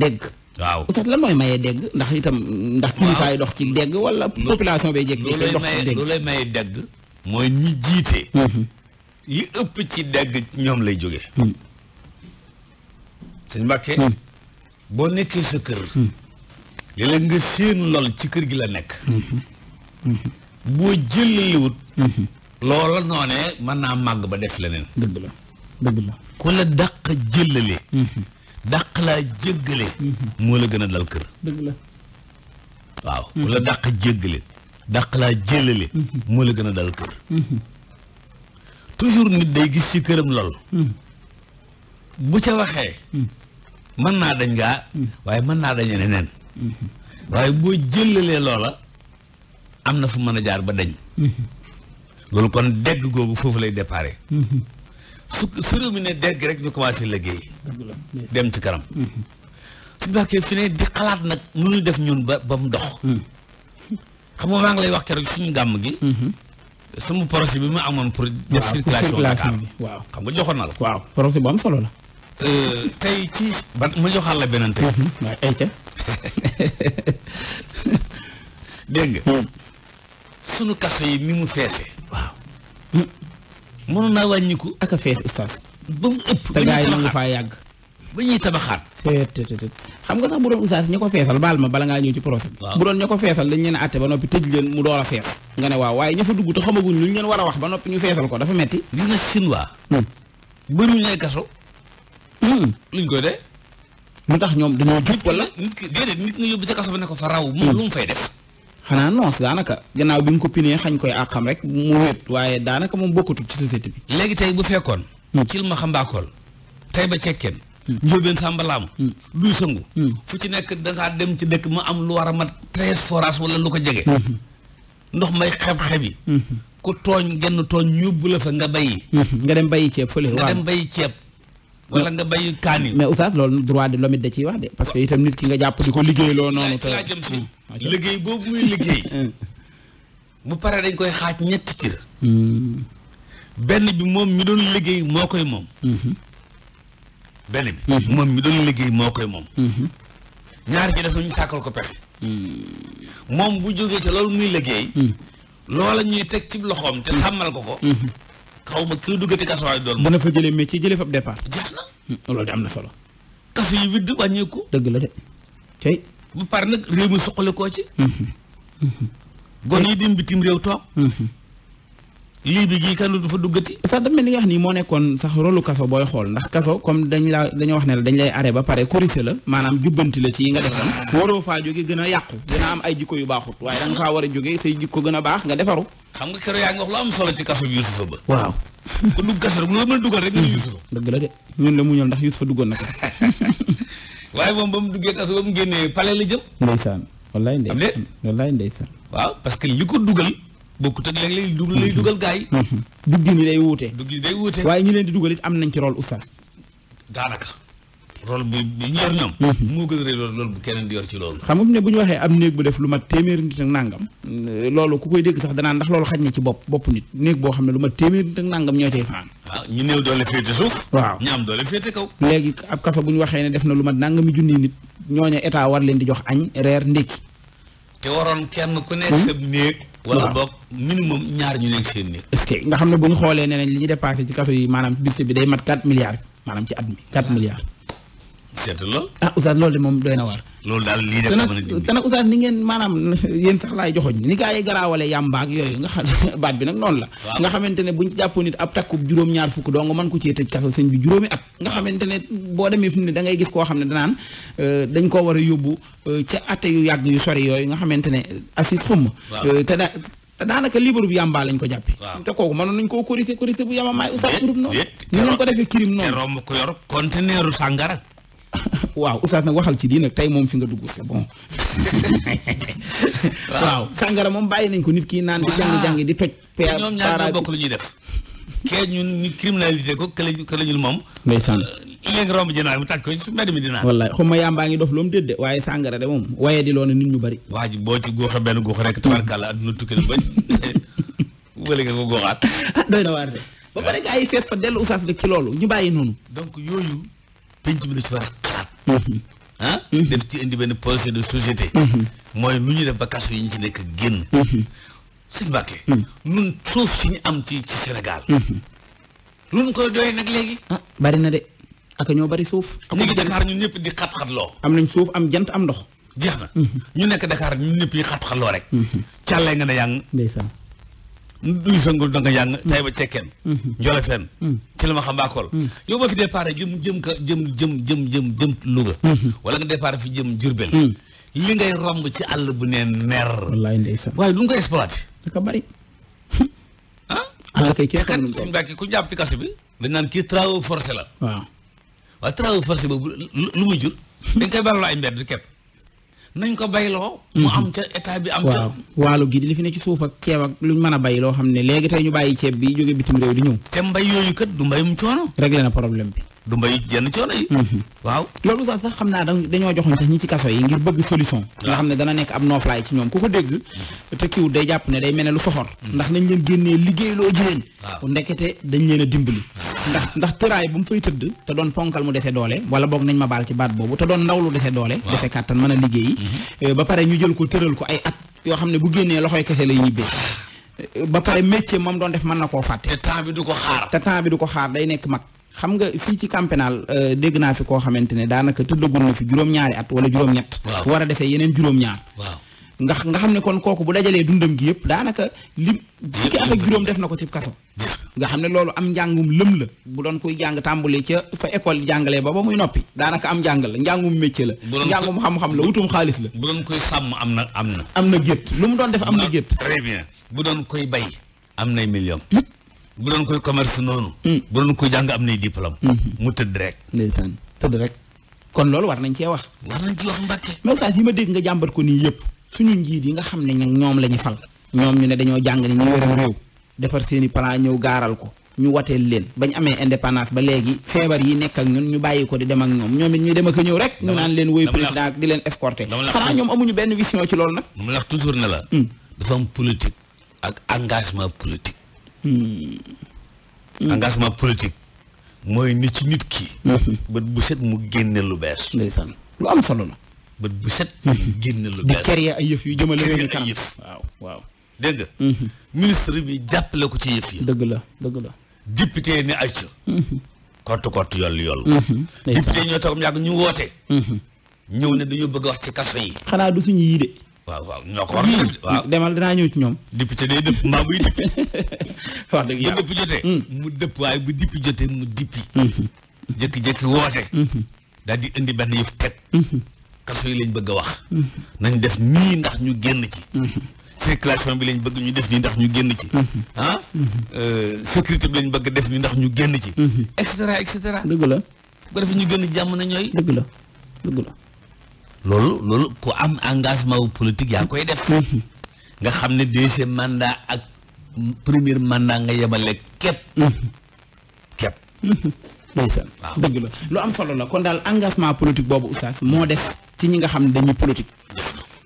dégg waaw oustaz lan mooy maye dégg ndax itam ndax kilifaay dox ci dégg wala population bay jékki-jékki dox ci lu lay maye dégg mooy ñi jiite mm-hmm. yi ëpp ci dégg ñoom lay jóge mm. suñ mbàkkee mm. boo nekkee sa kër mm. léeg-léeg nga séen lol ci kër gi la nekk mm-hmm. Mm-hmm. boo jëlaliwut mhm. loola noonee mën naa màgg ba def leneen dëgg la dëgg la ku la dàq jëlale mhm. dàq laa jéggale mhm. moo la gën a dal kër dëgg waaw ku la dàq jéggale dàq laa jëlale moo la gën a dal kër nit day gis ci këram lool bu ca waxee mën naa dañ gaa waaye mën naa dañ neneen waaye boo jëlalee loola am na fu mën a jaar ba dañ loolu kon dégg googu foofu lay déparé su su réew ne dégg rek ñu commencé liggéey dem ci kanam su bàkkee fi ne di xalaat nag nu def ñun ba ba mu dox xam nga maa wax keroog suñu gàmm gi sama projet bi ma amoon pour def waaw xam joxoon na la waaw projet bu am euh, tey ci ban ma joxaat la beneen tey mhm, [LAUGHS] dégg sunu kaso yi ni mu feese. waaw. mënoon naa wàññiku. ak a fees ustaas. ba mu ëpp ba ñuy tabaxaat te gars yi yàgg. ba ñuy tabaxaat. xam nga sax bu doon ustaas ña ko feesal baal ma bala ngaa ñëw ci procès bu doon ña ko feesal dañ leen a àtte ba noppi tëj leen mu door a fees. nga ne waaw waaye ña fa dugg te xamaguñ luñ leen war a wax ba noppi ñu feesal ko dafa metti gis nga chinois. Hmm. bëriwuñ ay kaso. Hmm. luñ koy de lu tax ñoom dañoo jub wala. nit ki déedéet nit nga yóbbu ca kaso ba ne ko fa raw. moom hmm. lu mu xanaa non daanaka gannaaw bi ñu ko pinee xañ koy xam rek mu wéet waaye daanaka moom bokkatul ci société bi. léegi tey bu fekkoon. Hmm. cil ma xambaakool tey ba cekkeen. Hmm. njóobeen sàmba laam hmm. duy sangu fu ci nekk dangaa dem ci dëkk ma am lu war a mat treize forage wala lu ko jege ndox may xeb-xeb yi ku tooñ genn tooñ ñu bu la fa nga bayyi nga dem bayyi ceeb fële nga dem bayyi ceeb wala nga bay kaani mais oustaz loolu droit de l'homme da ciy wax de parce que itam nit ki nga jàpp di ko liggéey loo noonu te laa jëm si hmm. liggéey boobu muy liggéey hmm. paree dañ koy xaaj ñetti cër bi moom mi doon liggéey moo koy moom benn bi moom mi doon liggéey moo koy moom hmm. ñaar ci def ñu sàkkal ko pexe moom bu jógee ca loolu muy liggéey loola ñuy teg ci loxoom te sàmmal ko ko xaw ma kii dugg kaso waay doon. dana fa jëlee métier jëlee fa départ. jeex na hmm, loolu de am na solo. kaso yi widd wàññeeku. dëgg la de tey. ba pare nag réew mi suqali koo ci. Hmm, hmm, gone yi dem bitim réew toog. lii bi gii kenn du fa duggati. sax dafa mel ni nga xam ni moo nekkoon sax rolu kaso booy xool ndax kaso comme dañ laa dañoo wax ne la dañ lay arrêté ba pare corrigé la maanaam jubbanti la ci yi nga defoon. yu a jóge say jikko gën ba. mu la mën a dugal rek nga ne la de ñun la muñal ndax Yusufa duggoon na [LAUGHS] waaye moom mu duggee kaso ba mu génnee pale la jëm. ndeysaan wallaay ndeysaan wallaay ndeysaan waaw parce que li ko dugal bokkut ak léeg-léeg du lay mhm. dugal gars yi. Mhm. dugg ni day wuute. dugg ni day wuute. waaye ñu leen di dugal am nañ ci rôle oustaz. daanaka. rol bu bi ñu yor ñoom. Mhm. moo gën a rëy loolu bu keneen di yor ci loolu. xam nga ne bu ñu waxee am néeg bu def lu mat téeméeri nit ak nàngam. loolu ku koy dégg sax danaan ndax loolu xaj na ci bopp bopp nit néeg boo xam ne lu mat téeméeri nit ak ñoo cay fanaan. waaw ñu néew doole féete waaw ñu am doole kaw. léegi ab kaso bu ñu waxee ne def na lu mat nàngami junni nit ñooñu état war leen di jox añ reer ndékki. te waroon kenn ku nekk hmm? sa néeg wala boog minimum ñaar ñu nekk seen néeg. est nga xam ne bu ñu xoolee nee nañ li ñu dépassé ci kaso yi maanaam budget bi day mat 4 milliards maanaam ci at mi 4 milliards. seet lool. ah oustaz loolu de moom doy na waar. a te nag oustaz ni ngeen maanaam [LAUGHS] yéen sax laay joxoñ ni gaa garaawale yàmbaak yooyu nga xam [LAUGHS] baat bi nag noonu la. nga xamante ne buñ ci nit ab da ngay gis koo xam ne euh, a yóbbu euh, euh, te da te daanaka libre bu yàmbaa lañ ko jàppe te kooku mënoon nañ koo corriger corriger bu yàmba maay oustaz groupe noonu. ñu ko defee crime noonu te romb ko yor sàngara waaw oustaz nag waxal ci lii nag tey moom fi nga dugg c'est bon. [LAUGHS] waaw sàngara moom bàyyi nañ ko nit ki naan di jàng jàng di toj. paara ñoom ñaar ñoo bokk lu ñuy def. kee ñun ñu criminalisé ko kële kële ñun moom. ndeysaan euh, léegi romb jënaay mu tàj ko su mbedd mi di ngi dof loom déedéet waaye sàngara de moom waaye di loona ñu bari. waa boo ci góoxa benn góox rek tabarkàlla adduna tukki na bañ [LAUGHS] wële nga ko góoxaat. [LAUGHS] doy na waar de ba pare gars yi fees fa dellu oustaz rek ci loolu ñu bàyyi noonu. donc yooyu penc bi la ci war a mm-hmm. ah mm-hmm. def ci indi benn projet de société mm-hmm. mooy nu ñu def ba yi ñu ci nekk génn sëñ Mbàkke nun suuf si ñu am ci ci Sénégal lu ñu koy doyee nag léegi ah bari na de ak ñoo bari suuf ñu ngi Dakar ñun ñëpp di xat-xatloo am nañ suuf am jant am ndox jeex na ñu nekk Dakar ñu ñëpp yi xat-xatloo rek càllee nga ne yàng duy sangul danga yàng tay ba cekkeen njolofeen mm-hmm. mm-hmm. ci la ma xam baakool mm-hmm. yow boo fi départ jëm jëm ka jëm jëm jëm jëm jëm Louga wala nga départ fi jëm Jurbel mm. li ngay romb ci àll bu ne mer wallaay waaye du nga koy exploité daka bari [LAUGHS] ah ala ku jàpp ci kaso bi dañ naan kii travaux forcés la waaw waaw travaux forcés boobu lu muy jur [LAUGHS] dañ koy baral ay mbedd képp nañ ko bayloo mu mhm. am ca état bi am ca waalo gii di li fi ne ci suuf ak ceeb mën a bay loo xam ne léegi tey ñu bàyyi ceeb bi jóge bitim réew di ñëw te mbay yooyu kat du mbayum coono réglé na problème bi du mbay jenn coono yi. Mhm. waaw loolu sax sax xam naa dañoo joxoon sax ñi ci kaso yi ngir bëgg solution. nga xam ne dana nekk ab nooflaay ci ñoom ku ko dégg. te kiw day jàpp ne day mel ne lu soxor. Mhm. ndax nañ leen génnee liggéey loo leen. waaw ndekete dañ leen a dimbali. ndax ndax tëraay bu mu fay tëdd. te doon ponkal mu dese doole wala boog nañ ma baal ci baat boobu te doon ndaw lu dese doole. dese kàttan mën a liggéeyi. Mhm. Eh, ba pare ñu jël ko tëral ko ay at yoo xam ne bu génnee loxoy kese lay ñibbee. Ah. Eh, ba pare métier moom doon def mën na koo fàtte. te temps bi du ko xaar. te temps bi du ko xaar day nekk mag xam nga fii ci camp pénal euh, dégg naa fi koo xamante ne daanaka tëddagul na fi juróom-ñaari at wala juróom-ñett. waaw war a defee yeneen juróom-ñaar. nga xam ne kon kooku bu dajalee dundam gi yëpp daanaka lim. fukki at juróom def na ko ci kaso. nga xam ne loolu am njàngum lëm la. bu doon koy jàng tàmbali ca fa école jàngalee ba ba muy noppi. daanaka am njàng la njàngum métier la. njàngum xam-xam la wutum xaalis la. bu doon koy sàmm am na am na. am na gétt lu mu doon def am na gétt. très bu doon koy bay am nay millions. bu doon koy commerce noonu. Hmm. bu doon koy jàng am nay diplôme. Hmm. mu tëdd rek. ndeysaan tëdd rek kon loolu war nañ cee wax. war nañ ci wax Mbàkke. message yi ma dégg nga jàmbat ko nii yëpp suñu njiit yi nga xam ne nag ñoom la ñu fal. ñoom ñu ne dañoo jàng ne ñu defar seen i ñëw gaaral ko. ñu wateel leen bañ amee indépendance ba léegi feebar yi nekk ak ñun ñu bàyyi ko di dem ak ñoom ñoom it ñuy dem ak ñëw rek. ñu naan leen woy président di leen escorté. xanaa ñoom amuñu benn vision ci loolu nag. mu lax toujours ne la. Hmm. dafa am ak engagement politique. Hmm. engagement politique mooy ni ci nit ki. Hmm. bët bu set mu génne lu bees. ndeysaan lu am solo la. bët bu set. Hmm. génne lu bees di créer ay yëf yu jëmale réew mi kanam waaw waaw. ministre bi jàppale ko ci yëf yi. dëgg la dëgg la. député ni ay ca. kott kott yoll yoll. député ñoo toog mu yàgg ñu woote. ñëw ne dañoo bëgg a wax ci kaso yi. xanaa du suñu yii de. waaw waaw ñoo ko hmm. waaw demal dinaa ñëw ci ñoom député day dëpp mbaa buy [LAUGHS] wax dëgg yàlla bu dëpp hmm. mu dëpp waaye bu dippi jotee mu dippi hmm. jékki-jékki woote daal di indi benn yëf teg kaso yi lañ bëgg a wax nañ def nii ndax ñu génn ci circulation bi lañ bëgg ñu def nii ndax ñu génn ci ah euh, sécurité bi lañ bëgg def nii ndax ñu génn ci et cetera et cetera dëgg la bu ko defee ñu génn jàmm na ñooy dëgg la dëgg la loolu loolu ko am engagement wu politique yaa koy def mhm. nga xam ne deuxième mandat ak premier mandat nga yemale képp mhm. képp mhm. ndeysaan dëgg la lu am solo la kon daal engagement politique boobu oustaz moo def ci ñi nga xam ne dañuy politique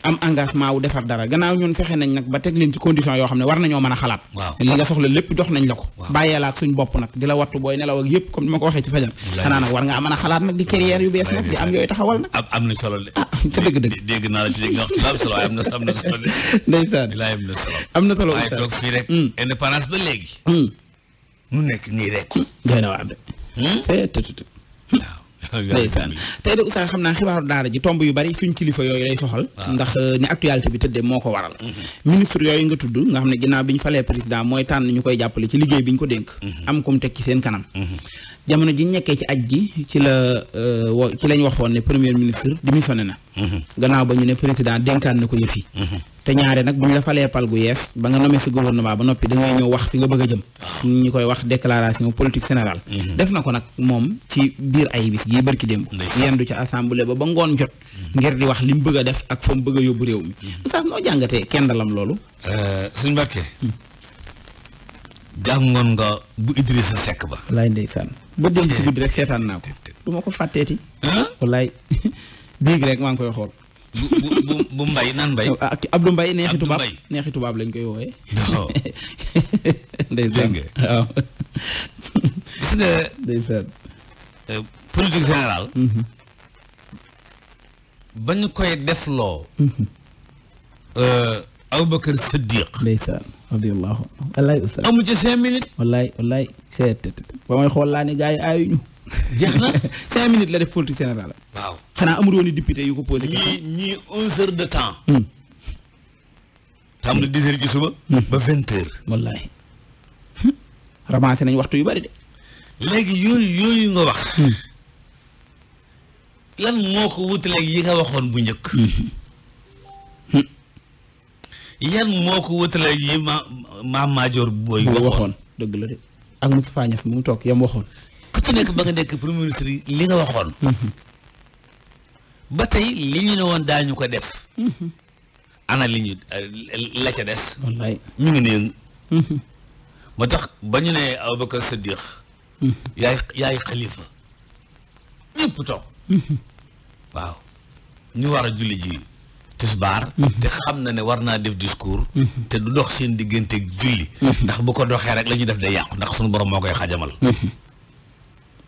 am engagement wu defar dara gannaaw ñun fexe nañ nag ba teg leen ci condition yoo xam ne war nañoo mën a xalaat li nga soxla lépp jox nañ la ko bàyyee la ak suñ bopp nag di la wattu booy nelaw ak yëpp comme ni ma ko waxee ci fajar xanaa nag war ngaa mën a xalaat nag di carrière yu bees nag di am yooyu taxawal am na solo de ah ca dëgg dëgg dégg naa la ci dégg nga wax ci am solo am na am na solo de ndeysaan bilaay am na solo am na solo waaye hmm. ba léegi hmm. nu nekk nii rek hmm. doy na waar de c'est tout waaw [LAUGHS] ndeysaan tey de oustaz xam naa xibaaru daara ji tomb yu bari suñ kilifa yooyu lay soxal ah. ndax euh, ni actualité bi tëddee moo ko waral mhm. ministre yooyu nga tudd nga xam ne ginnaaw bi ñu falee président mooy tànn ñu koy jàppale ci liggéey bi ñu ko dénk mhm. am kum teg ci seen kanam mhm. jamono ji nekkee ci aj gi ci la euh, ci lañ waxoon ne premier ministre démissionné na mhm. gannaaw ba ñu ne président dénkaan na ko yëf yi mhm. te ñaare nag bu ñu la falee pal gu yees ba nga nommé si gouvernement ba noppi da ñëw wax fi nga bëgg jëm ñu koy wax déclaration politique générale mhm. def na ko nag moom ci biir ay bis gii bërki démb yendu ca assemblée ba ba ngoon jot ngir di wax li mu bëgg a def ak fa mu bëgg a yóbbu réew mi sax noo jàngatee kendalam loolu euh, suñ Mbàkke hmm. jàngoon nga bu Idrissa Seck ba. wallaay ndeysaan ba dem ci guddi rek seetaan naa ko. du ma ko fàtteeti. wallaay biig [LAUGHS] rek maa ngi koy xool. bu bu bu Mbaye naan mbay [LAUGHS] ak Abdou Mbaye neexi tubaab neexi tubaab lañ koy wooyee. [LAUGHS] ndeysaan dégg nga waaw. gis nga. ndeysaan. Euh, mm-hmm. ba ñu koy defloo. Mm-hmm. Euh, Aboubacar Siddiq. ndeysaan. radiyallahu wallaay amul amu ci cinq minutes wallaay wallaay seet ba may xool laa ne gars yi aayuñu jeex na [LAUGHS] cinq minutes la def politique générale waaw xanaa amul woon député yu ko posé ñii ñii onze de temps hmm. tam na dix heures ci suba hmm. ba vingt heures wallaay hmm. ramassé nañ waxtu yu bari de léegi yooyu yooyu nga wax lan moo ko wutaleeg yi nga waxoon bu njëkk yan moo ko wutale yi ma maam Maajoor booy waxoon dëgg la de ak Moustapha Niasse mu ngi toog yam waxoon ku ci nekk ba nga nekk premier ministre li nga waxoon mhm. ba tey li ñu ne woon daañu ko def mhm. ana li ñu euh, la ca des wallaay ñu ngi ne mhm. moo tax ba ñu ne Aboubacar Siddiq yaay yaay xalifa ñëpp toog ñu war a julli ji tisbaar mhm. te xam na ne war naa def discours mhm. te du dox seen diggante ak julli mhm. ndax bu ko doxee rek la ñuy def day yàqu ndax suñu borom moo koy xajamal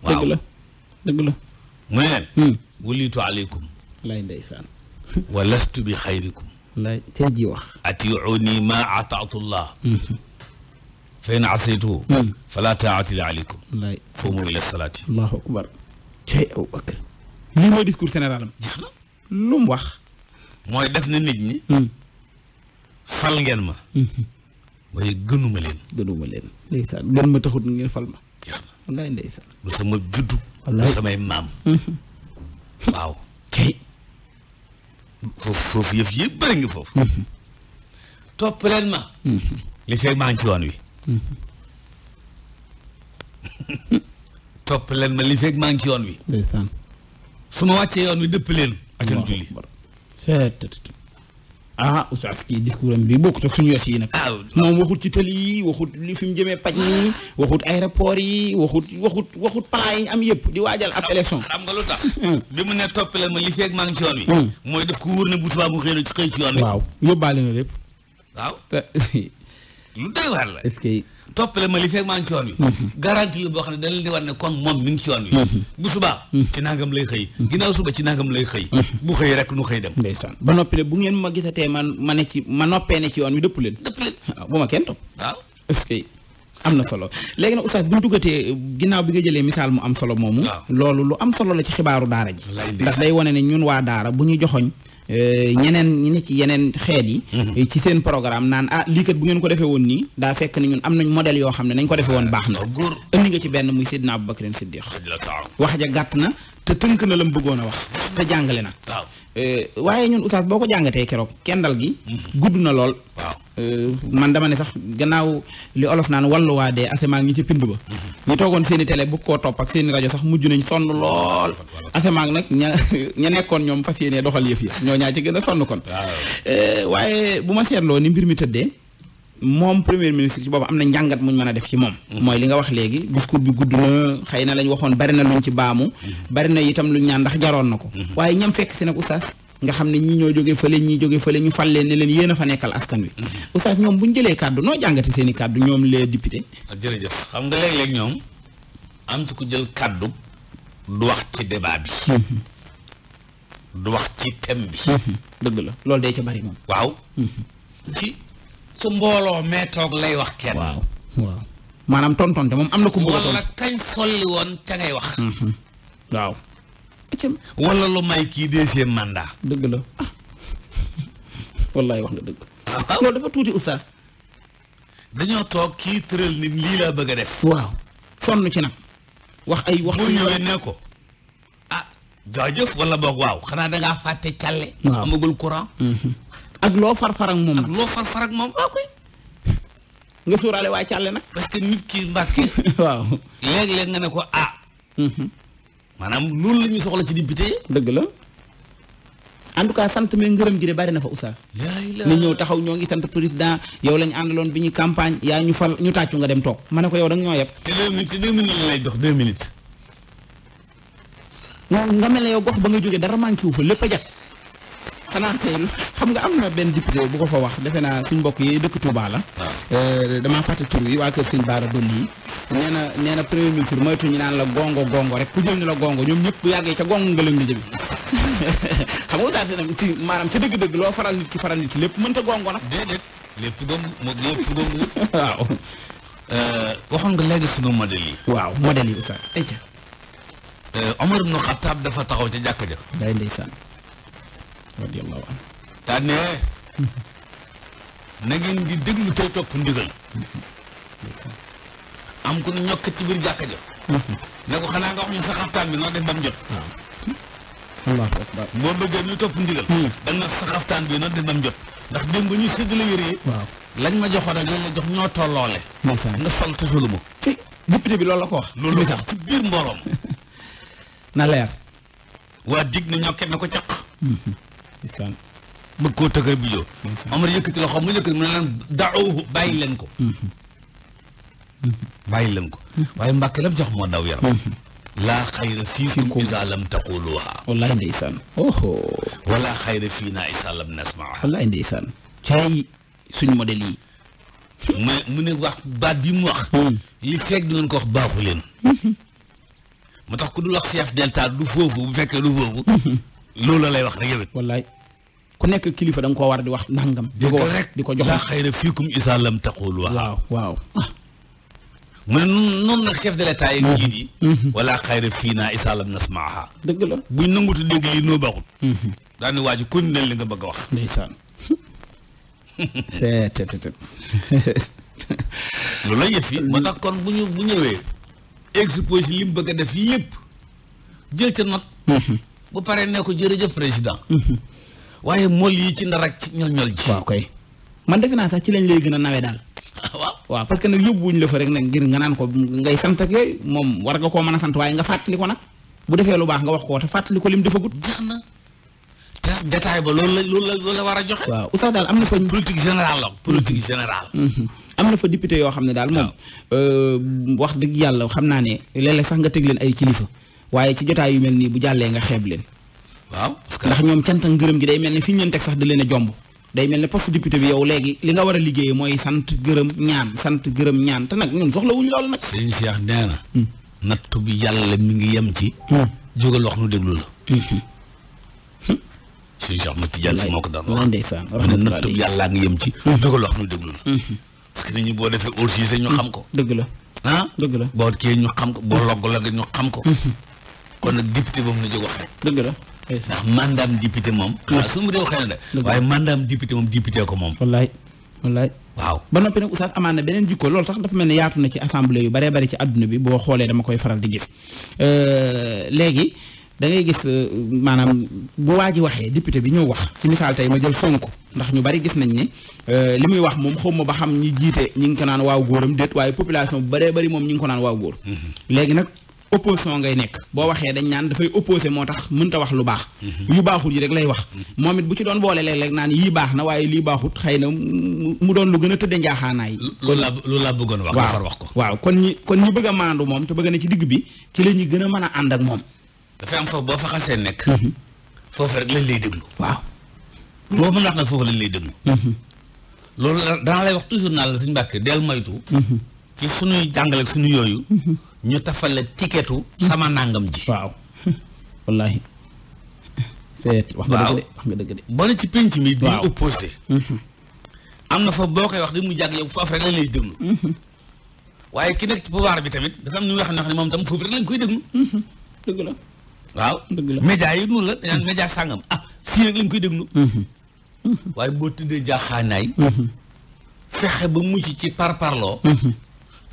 waaw dëgg la dëgg la mu ne leen wulitu aleykum lay ndeysaan wa lastu bi xayrikum lay tey ji wax atiuni ma ataatullah fa in asaytuhu fala taati li aleykum lay fumu ila salaati allahu akbar tey aw akbar lii mooy discours général am jeex na lu mu wax mooy def na nit ñi hmm. fal ngeen ma hmm. waaye gënuma leen gënuma leen ndeysaan gën ma taxut ngeen fal ma sama juddu du samay hmm. waaw kay foofu foofu yëf yëpp bëri ngi foofu topp leen ma li fekk maa ngi ci yoon wi topp leen li fekk maa ngi ci yoon wi ndeysaan su ma wàccee yoon wi dëpp leen acan julli ah oustaz kii di am bi bokkut ak suñu yos yi nag. Ah, moom waxut ci tëli yi waxut li fi mu jëmee paj nii waxut aéroport yi waxut waxut waxut plan yi ñu am yëpp di waajal ab élection. xam nga lu tax. Ah. bi mu ne topp leen ma li feeg maa ngi ci yoon wi. Hmm. mooy def ko ne bu subaa mu xëy na xëy ci yoon wi. waaw yóbbaale na lépp. waaw te. [LAUGHS] lu doy waar la toppale ma li fekk maa ngi ci yoon bi mhm. garantie la boo xam ne dañ leen di war ne kon moom mi ngi ci yoon mhm. bu subaa mhm. ci nangam lay xëy ginnaaw suba ci nangam lay xëy bu xëy rek nu xëy dem ndeysaan ba noppi ne bu ngeen ma gisatee man ma ne ci ma noppee ne ci yoon wi dëpp leen dëpp leen waaw ah, bu ma kenn topp waaw est que am na solo léegi nag oustaz bu ñu duggatee ginnaaw bi nga jëlee misaal mu am solo moomu loolu lu am solo la ci xibaaru daara ji ndax day wone ne ñun waa daara bu ñu joxoñ Euh, ñeneen ñu ne ci yeneen xeet yi mhm. ci seen programme naan ah lii kat bu ngeen ko defee woon nii daa fekk ne ñun am nañ modèle yoo xam ne nañ ko defee woon baax na ah, indi nga ci benn muy Seydina Abubakar Siddiq wax ja gàtt na te tënk na la mu bëggoon a wax te jàngale na Eh, waaye ñun oustaz boo ko jàngatee keroog kendal gi mhm. gudd na lool eh, man dama ne sax gannaaw li olof naan walluwaa dee asamaan ngi ci pind ba mhm. ñu toogoon seen i télé bu koo topp ak seen i rajo sax mujj nañ sonn lool asamaan nag ña [LAUGHS] ña nekkoon ñoom fas yéenee doxal yëf yi ñoo ñaa ci gën a sonn kon eh, waaye bu ma seetloo ni mbir mi tëddee moom premier ministre ci boobu am na njàngat muñ mën a def ci moom mm-hmm. mooy li nga wax léegi discours bi gudd na xëy na lañ waxoon bari na luñ ci baamu mm-hmm. bari na itam luñ ñaan ndax jaroon na ko mm-hmm. waaye ñam fekk si nag oustaz nga xam ne ñii ñoo jóge fële ñii jóge fële ñu fal leen ne leen yéen a fa nekkal askan wi oustaz ñoom bu ñu jëlee kàddu noo jàngate seen i kàddu ñoom les députés ah, jërëjëf xam nga léeg-léeg ñoom am ci ku jël kàddu du wax ci débat bi du wax ci thème bi dëgg la loolu day ca bari moom waaw que mbooloo mee toog lay wax kenn. waaw waaw maanaam tontonte moom am na ku bëgg a tontu wala woon ca wax. Mhm. waaw. wala lu may kii deuxième mandat. dëgg la ah wax nga dëgg. loolu dafa tuuti oustaz. dañoo toog kii tëral ni lii laa bëgg a def. waaw sonn ci nag. wax ay wax bu ñëwee ne ko. ah jaajëf wala boog waaw xanaa da fàtte càlle. waaw amagul courant. Mhm. ak loo far ak moom. ak loo farfar ak moom. Ah, nga suuraale waa càlle nag. parce que nit kii mbàkke. [LAUGHS] waaw léeg-léeg nga ne ko ah. Mhm. maanaam loolu la ñuy soxla ci député. dëgg la en tout cas sant mi ngërëm gi bari na fa oustaz. nga ñëw taxaw ñoo ngi sant président yow lañ àndaloon bi ñu campagne yaa ñu fal ñu tàccu nga dem toog ma ne ko yow da ñoo yeb. te deux minutes deux minutes lay dox deux minutes. nga mel ne yow gox ba nga jógee dara manqué wu fa lépp a jag. xanaa tey xam nga am na benn député bu ko fa wax defe naa suñ mbokk yi dëkk Touba la. Ah. Euh, damaa fàtte tur yi waa kër Sëñ Baara Dolli yi. nee na premier ministre moytu ñu naan la gongo gongo rek ku jëm ni la gongo ñoom ñëpp bu yàggee ca gongo nga leen di [LAUGHS] ci maanaam ca dëgg-dëgg loo faral nit ki faral nit ki lépp mënta gongo nag. déedéet lépp gongo moom lépp gongo. [LAUGHS] waaw. Euh, waxoon nga léegi sunu modèle yi. waaw modèle yi oustaz. Euh, Omar ibn Khattab dafa taxaw ca jàkka ja. day radiyallahu anhu tànne na ngeen di déglu tey topp ndigal am ku nu ñokk ci biir jàkka ja ne ko xanaa nga wax ñu sa xaftaan bi noo def bam jot allahu akbar boo bëggee ñu topp ndigal hmm. danga sa xaftaan jot ndax démb ñu séddale yére yi lañ ma joxoon a lañ la jox ñoo tolloole nga sol te soluma ci député bi loolu la ko wax loolu la wax ci biir mbooloom [LAUGHS] na leer waa dig na ñokket na ko caq hmm. isaan ko koo tëkkër bi joo Omar yëkkati loxo mu yëkkati mu ne leen daawuhu bàyyi leen ko mm-hmm. Mm-hmm. bàyyi leen ko mm-hmm. waaye mbàkke lam jox moo daw yaram laa xayra fiikum izaa lam taquluuhaa wallaahi ndeysaan oho wala xayra fii naa izaa lam nasmaahaa wallaahi ndeysaan suñ modèle yi mu ne wax baat bi mu wax mm. li fekk du wax baaxu leen moo tax ku dul wax chef delta du foofu bu fekkee du foofu loolu lay wax rek ku nekk kilifa da nga koo war di wax nangam. di ko wax di ko jox la xëy na fiikum isa lam taqul waaw waaw. mu ne noonu nag chef de l'état yi njiit yi mm-hmm. wala xayra fii naa isaalam nasmaaha dëgg la buñ nangutu dégg lii noo baaxut mm-hmm. daal ni waa ji kon leen li nga bëgg a wax ndeysaan tt [LAUGHS] loolu la yëf yi moo tax kon bu ñu bu ñëwee exposé li mu bëgg a def yëpp jël ca not mm-hmm. bu paree ne ko jërëjëf président waaye mool yi ci ndar ak ci ñol-ñol ji. waaw koy man defe naa sax ci lañ lay gën a nawe daal. [LAUGHS] waaw waaw parce que nag wuñ la fa rek nag ngir nga naan ko ngay sant ak yooyu moom war nga koo mën a sant waaye nga fàttali ko nag bu defee lu baax nga wax ko te fàttali ko lim defagut. jeex na te détail ba loolu la loolu la loolu war a joxe. waaw oustaz daal am na fa. politique générale la politique générale. Mhm. am na fa député yoo xam ne daal moom. Euh, wax dëgg yàlla xam naa ne léeg-léeg sax nga teg leen ay kilifa waaye ci jotaay yu mel nii bu jàllee nga xeeb leen. waaw ndax ñoom cant ak ngërëm gi day mel ne fi ñu leen teg sax da a jomb day mel ni poste député bi yow léegi li nga war a liggéey mooy sant gërëm ñaan sant gërëm ñaan te nag ñun soxlawuñu loolu nag sëñ Cheikh nee na hmm. nattu bi yàlla mi ngi yem ci hmm. jógal wax nu déglu la hmm. sëñ Cheikh ma Tijaan si moo ko daan wax ndeysaan ne nattu bi yàlla ngi yem ci jógal wax nu déglu la parce que nit ñi boo defee aussi sa ñu xam ko dëgg la ah? dëgg la boo kee ñu xam ko boo logg la ñu xam ko kon nag député boobu na jóg wax rek dëgg la ndax mandaam député moom xanaa suñu réew xëy na de waaye mandaam député moom député ko moom wallaay waaw ba noppi nag oustaz amaan na beneen jikko loolu sax dafa mel ne yaatu na ci assemblée yu baree bari ci àdduna bi boo xoolee dama koy faral di gis euh, léegi da gis euh, maanaam bu waa ji waxee député bi ñëw wax ci misaal tey ma jël Sonko ndax ñu bari gis nañ ne euh, li muy wax moom ma ba xam ñi jiite ñi ngi ko naan waaw góoram déet waaye population bu baree bari moom ñi ngi ko naan waaw góor mm-hmm. opposition ngay nekk boo waxee dañ naan dafay opposé moo tax mënta wax lu baax yu baaxul yi rek lay wax moom it bu ci doon boole léeg-léeg naan yii baax na waaye lii baaxut xëy na mu doon lu gën a tëdde njaaxaanaay kon lu la bëggoon wax waaw wax ko waaw kon ñi kon ñi bëgg a maandu moom te bëgg na ci digg bi ci la ñuy gën a mën a ànd ak moom dafa am foofu boo fa xasee nekk mhm. foofu rek lañ lay déglu waaw boo mën wax nag foofu lañ lay déglu mhm. loolu danaa lay wax toujours naa la suñu mbàkke del moytu mhm. ci suñuy jàngale suñu yooyu ñu tafal la tiketu sama nangam ji. waaw [LAUGHS] wallaahi. feet wax nga dëgg de wax dëgg de. ci penc mi. waaw di opposé. Mhm. am na foofu boo koy wax di mu jàgg yow foofu rek lañ lay mhm. ki nekk ci bi tamit dafa am moom tam foofu rek koy déglu. Mhm. dëgg la. waaw dëgg la média yi noonu la dañ naan sàngam ah fii rek lañ koy déglu. waaye boo tëddee jaaxaanaay. fexe ba mucc ci parparloo.